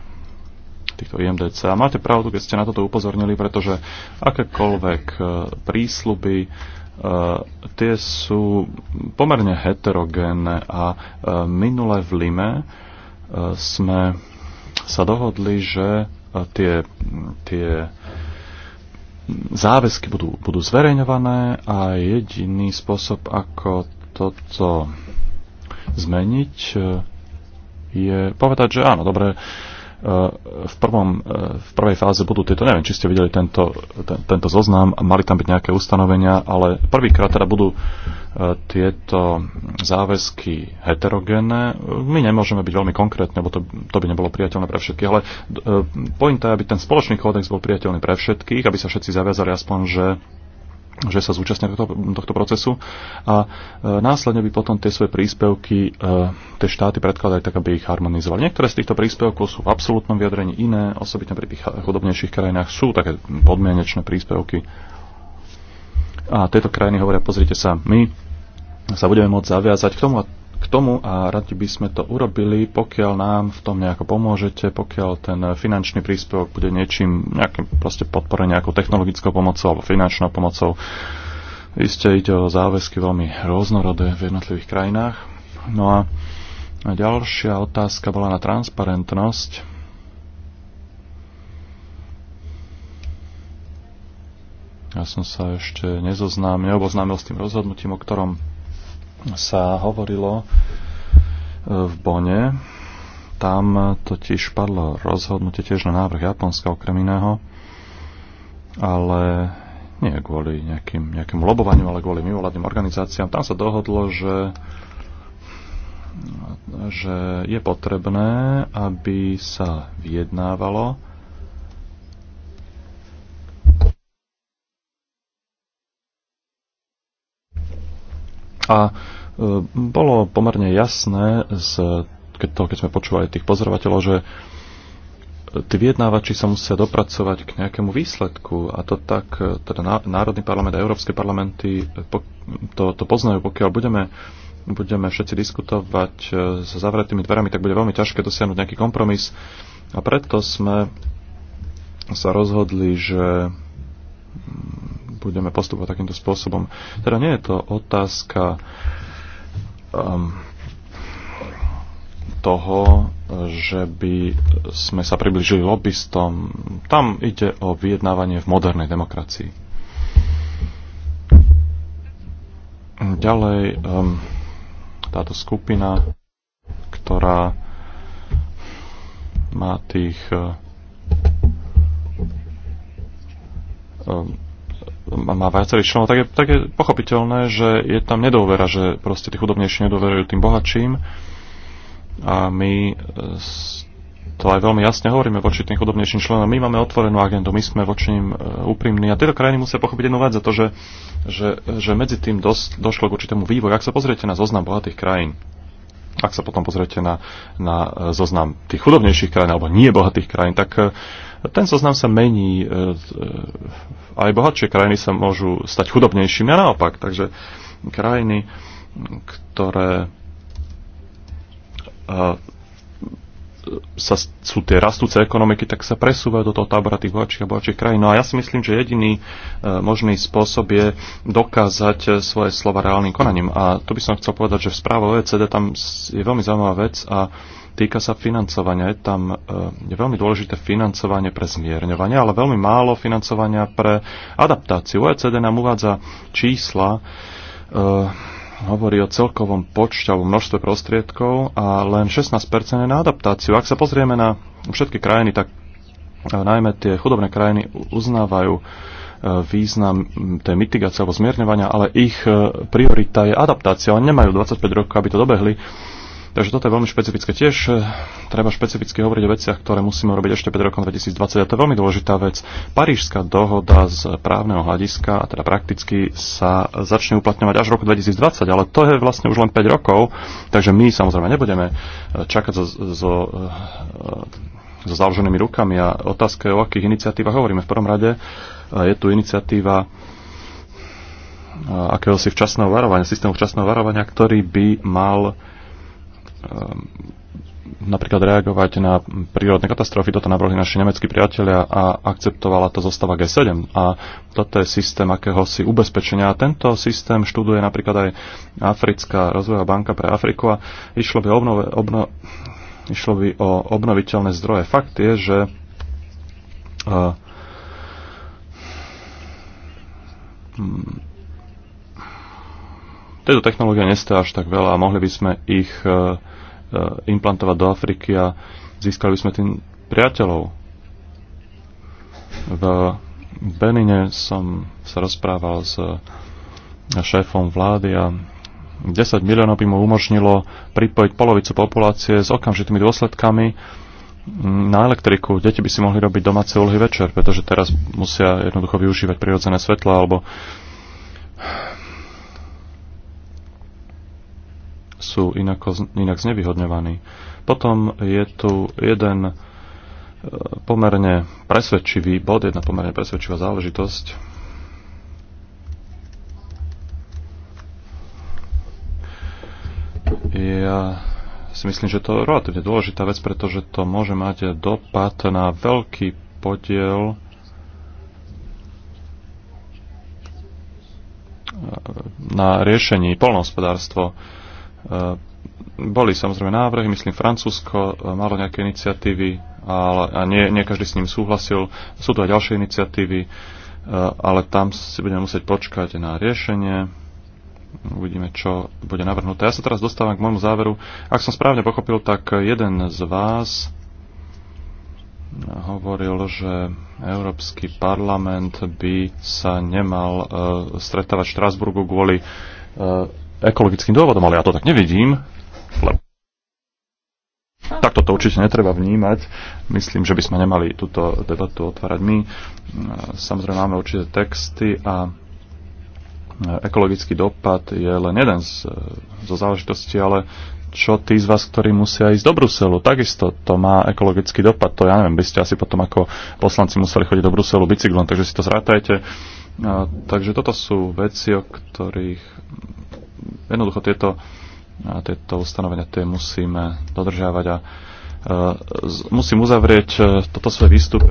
S3: týchto IMDC. A máte pravdu, keď ste na toto upozornili, pretože akékoľvek uh, prísluby Uh, tie sú pomerne heterogénne a uh, minule v Lime uh, sme sa dohodli, že e, tie, tie záväzky budú, budú zverejňované a jediný spôsob, ako toto zmeniť, e, je povedať, že áno, dobre, Eh, v, prvom, eh, v prvej fáze budú tieto, neviem, či ste videli tento, ten, tento zoznam, mali tam byť nejaké ustanovenia, ale prvýkrát teda budú eh, tieto záväzky heterogénne. My nemôžeme byť veľmi konkrétne, lebo to, to by nebolo priateľné pre všetkých, ale pointa je, aby ten spoločný kódex bol priateľný pre všetkých, aby sa všetci zaviazali aspoň, že že sa zúčastnia tohto, tohto procesu a e, následne by potom tie svoje príspevky e, tie štáty predkladali tak, aby ich harmonizovali. Niektoré z týchto príspevkov sú v absolútnom vyjadrení iné, osobitne pri tých chudobnejších krajinách sú také podmienečné príspevky. A tieto krajiny hovoria, pozrite sa, my sa budeme môcť zaviazať k tomu a k tomu a radi by sme to urobili, pokiaľ nám v tom nejako pomôžete, pokiaľ ten finančný príspevok bude niečím, nejakým proste podporený nejakou technologickou pomocou alebo finančnou pomocou. Isté ide o záväzky veľmi rôznorodé v jednotlivých krajinách. No a ďalšia otázka bola na transparentnosť. Ja som sa ešte nezoznámil, neoboznámil s tým rozhodnutím, o ktorom sa hovorilo e, v Bone. Tam totiž padlo rozhodnutie tiež na návrh Japonska okrem iného, ale nie kvôli nejakým, nejakým lobovaniu, ale kvôli mimovládnym organizáciám. Tam sa dohodlo, že že je potrebné, aby sa vyjednávalo A e, bolo pomerne jasné, z, toho, keď sme počúvali tých pozorovateľov, že tí vyjednávači sa musia dopracovať k nejakému výsledku a to tak, e, teda Národný parlament a Európske parlamenty e, to, to poznajú, pokiaľ budeme budeme všetci diskutovať so zavretými dverami, tak bude veľmi ťažké dosiahnuť nejaký kompromis. A preto sme sa rozhodli, že mm, budeme postupovať takýmto spôsobom. Teda nie je to otázka um, toho, že by sme sa približili lobbystom. Tam ide o vyjednávanie v modernej demokracii. Ďalej, um, táto skupina, ktorá má tých uh, um, má viacerých členov, tak je, tak je pochopiteľné, že je tam nedôvera, že proste tí chudobnejší nedôverujú tým bohatším. A my e, to aj veľmi jasne hovoríme voči tým chudobnejším členom. My máme otvorenú agendu, my sme voči ním e, úprimní. A tieto krajiny musia pochopiť jednu vec, za to, že, že, že medzi tým dos, došlo k určitému vývoju. Ak sa pozriete na zoznam bohatých krajín, ak sa potom pozriete na, na e, zoznam tých chudobnejších krajín alebo nie bohatých krajín, tak ten zoznam sa mení aj bohatšie krajiny sa môžu stať chudobnejšími a naopak. Takže krajiny, ktoré sa, sú tie rastúce ekonomiky, tak sa presúvajú do toho tábora tých bohatších a bohatších krajín. No a ja si myslím, že jediný uh, možný spôsob je dokázať svoje slova reálnym konaním. A tu by som chcel povedať, že v správe OECD tam je veľmi zaujímavá vec a uh, Týka sa financovania. Je tam e, je veľmi dôležité financovanie pre zmierňovanie, ale veľmi málo financovania pre adaptáciu. OECD nám uvádza čísla, e, hovorí o celkovom počte alebo množstve prostriedkov a len 16% je na adaptáciu. Ak sa pozrieme na všetky krajiny, tak e, najmä tie chudobné krajiny uznávajú význam tej mitigácie alebo zmierňovania, ale ich priorita je adaptácia. Oni nemajú 25 rokov, aby to dobehli Takže toto je veľmi špecifické. Tiež e, treba špecificky hovoriť o veciach, ktoré musíme robiť ešte pred rokom 2020. A to je veľmi dôležitá vec. Parížská dohoda z právneho hľadiska, a teda prakticky sa začne uplatňovať až v roku 2020, ale to je vlastne už len 5 rokov, takže my samozrejme nebudeme e, čakať so, zo, e, so založenými rukami a otázka je, o akých iniciatívach hovoríme. V prvom rade je tu iniciatíva akéhosi včasného varovania, systému včasného varovania, ktorý by mal Ehm, napríklad reagovať na prírodné katastrofy. Toto navrhli naši nemeckí priatelia a akceptovala to zostava G7. A toto je systém akéhosi ubezpečenia. A tento systém študuje napríklad aj Africká rozvojová banka pre Afriku a išlo by, obnove, obno, išlo by o obnoviteľné zdroje. Fakt je, že uh, hmm, tieto technológie nestá až tak veľa a mohli by sme ich uh, Eh, implantovať do Afriky a získali by sme tým priateľov. V Benine som sa rozprával s eh, šéfom vlády a 10 miliónov by mu umožnilo pripojiť polovicu populácie s okamžitými dôsledkami mm, na elektriku. Deti by si mohli robiť domáce úlohy večer, pretože teraz musia jednoducho využívať prirodzené svetlo alebo sú inako, inak znevýhodňovaní. Potom je tu jeden e, pomerne presvedčivý bod, jedna pomerne presvedčivá záležitosť. Ja si myslím, že to je relatívne dôležitá vec, pretože to môže mať dopad na veľký podiel e, na riešení polnohospodárstvo. Eh, boli samozrejme návrhy, myslím, Francúzsko eh, malo nejaké iniciatívy ale, a nie, nie každý s ním súhlasil. Sú tu aj ďalšie iniciatívy, eh, ale tam si budeme musieť počkať na riešenie uvidíme, čo bude navrhnuté. Ja sa teraz dostávam k môjmu záveru. Ak som správne pochopil, tak jeden z vás hovoril, že Európsky parlament by sa nemal uh, stretávať v Štrásburgu kvôli uh, ekologickým dôvodom, ale ja to tak nevidím. Lebo... Takto to určite netreba vnímať. Myslím, že by sme nemali túto debatu otvárať my. Samozrejme máme určité texty a ekologický dopad je len jeden z, zo záležitostí, ale čo tí z vás, ktorí musia ísť do Bruselu, takisto to má ekologický dopad. To ja neviem, by ste asi potom ako poslanci museli chodiť do Bruselu bicyklom, takže si to zrátajte. A, takže toto sú veci, o ktorých Jednoducho tieto, tieto ustanovenia tie musíme dodržiavať a e, musím uzavrieť e, toto svoje výstup.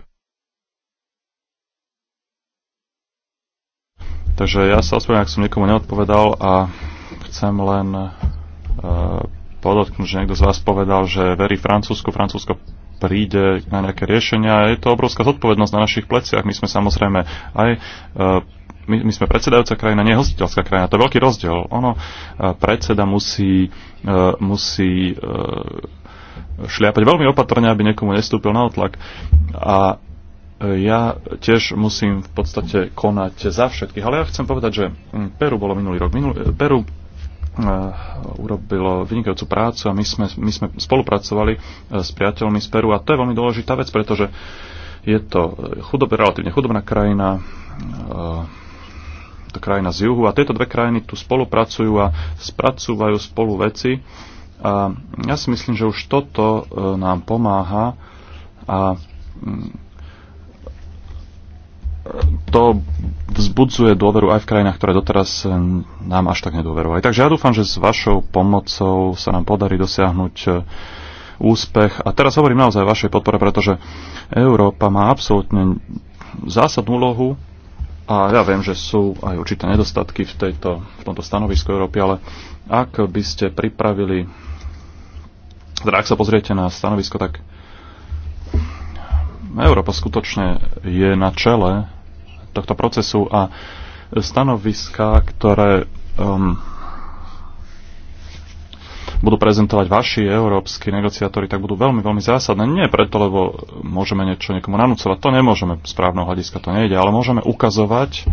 S3: Takže ja sa ospravedlňujem, ak som niekomu neodpovedal a chcem len e, podotknúť, že niekto z vás povedal, že verí Francúzsku, Francúzsko príde na nejaké riešenia. Je to obrovská zodpovednosť na našich pleciach. My sme samozrejme aj my, my sme predsedajúca krajina, nie hostiteľská krajina. To je veľký rozdiel. Ono, e, predseda musí, e, musí e, šliapať veľmi opatrne, aby niekomu nestúpil na otlak. A ja tiež musím v podstate konať za všetkých. Ale ja chcem povedať, že hm, Peru bolo minulý rok. Minulý, Peru urobilo vynikajúcu prácu a my sme, my sme spolupracovali s priateľmi z Peru a to je veľmi dôležitá vec, pretože je to chudob, relatívne chudobná krajina, krajina z juhu. A tieto dve krajiny tu spolupracujú a spracúvajú spolu veci. A ja si myslím, že už toto e, nám pomáha a mm, e, to vzbudzuje dôveru aj v krajinách, ktoré doteraz e, nám až tak nedôverovali. Takže ja dúfam, že s vašou pomocou sa nám podarí dosiahnuť úspech. A teraz hovorím naozaj o vašej podpore, pretože Európa má absolútne zásadnú úlohu a ja viem, že sú aj určité nedostatky v, tejto, v tomto stanovisku Európy, ale ak by ste pripravili, teda ak sa pozriete na stanovisko, tak Európa skutočne je na čele tohto procesu a stanoviska, ktoré um, budú prezentovať vaši európsky negociátori, tak budú veľmi, veľmi zásadné. Nie preto, lebo môžeme niečo niekomu nanúcovať, to nemôžeme z právneho hľadiska, to nejde, ale môžeme ukazovať,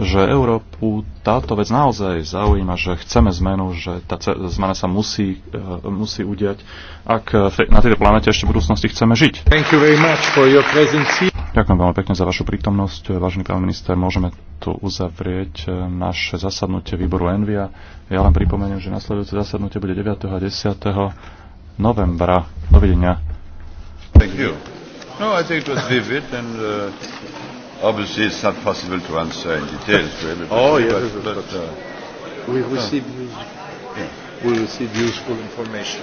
S3: že Európu táto vec naozaj zaujíma, že chceme zmenu, že tá zmena sa musí, e, musí udiať, ak e, na tejto planete ešte v budúcnosti chceme žiť. Thank you very much for your presence. Ďakujem veľmi pekne za vašu prítomnosť. Vážený pán minister, môžeme tu uzavrieť eh, naše zasadnutie výboru Envia. Ja len pripomeniem, že nasledujúce zasadnutie bude 9. a 10. novembra. Dovidenia. Thank you. No, I think it was vivid and uh, obviously it's not possible to answer in detail to everybody. Oh, yes, but, but, but uh, uh
S1: we received, uh, yeah. we received useful information.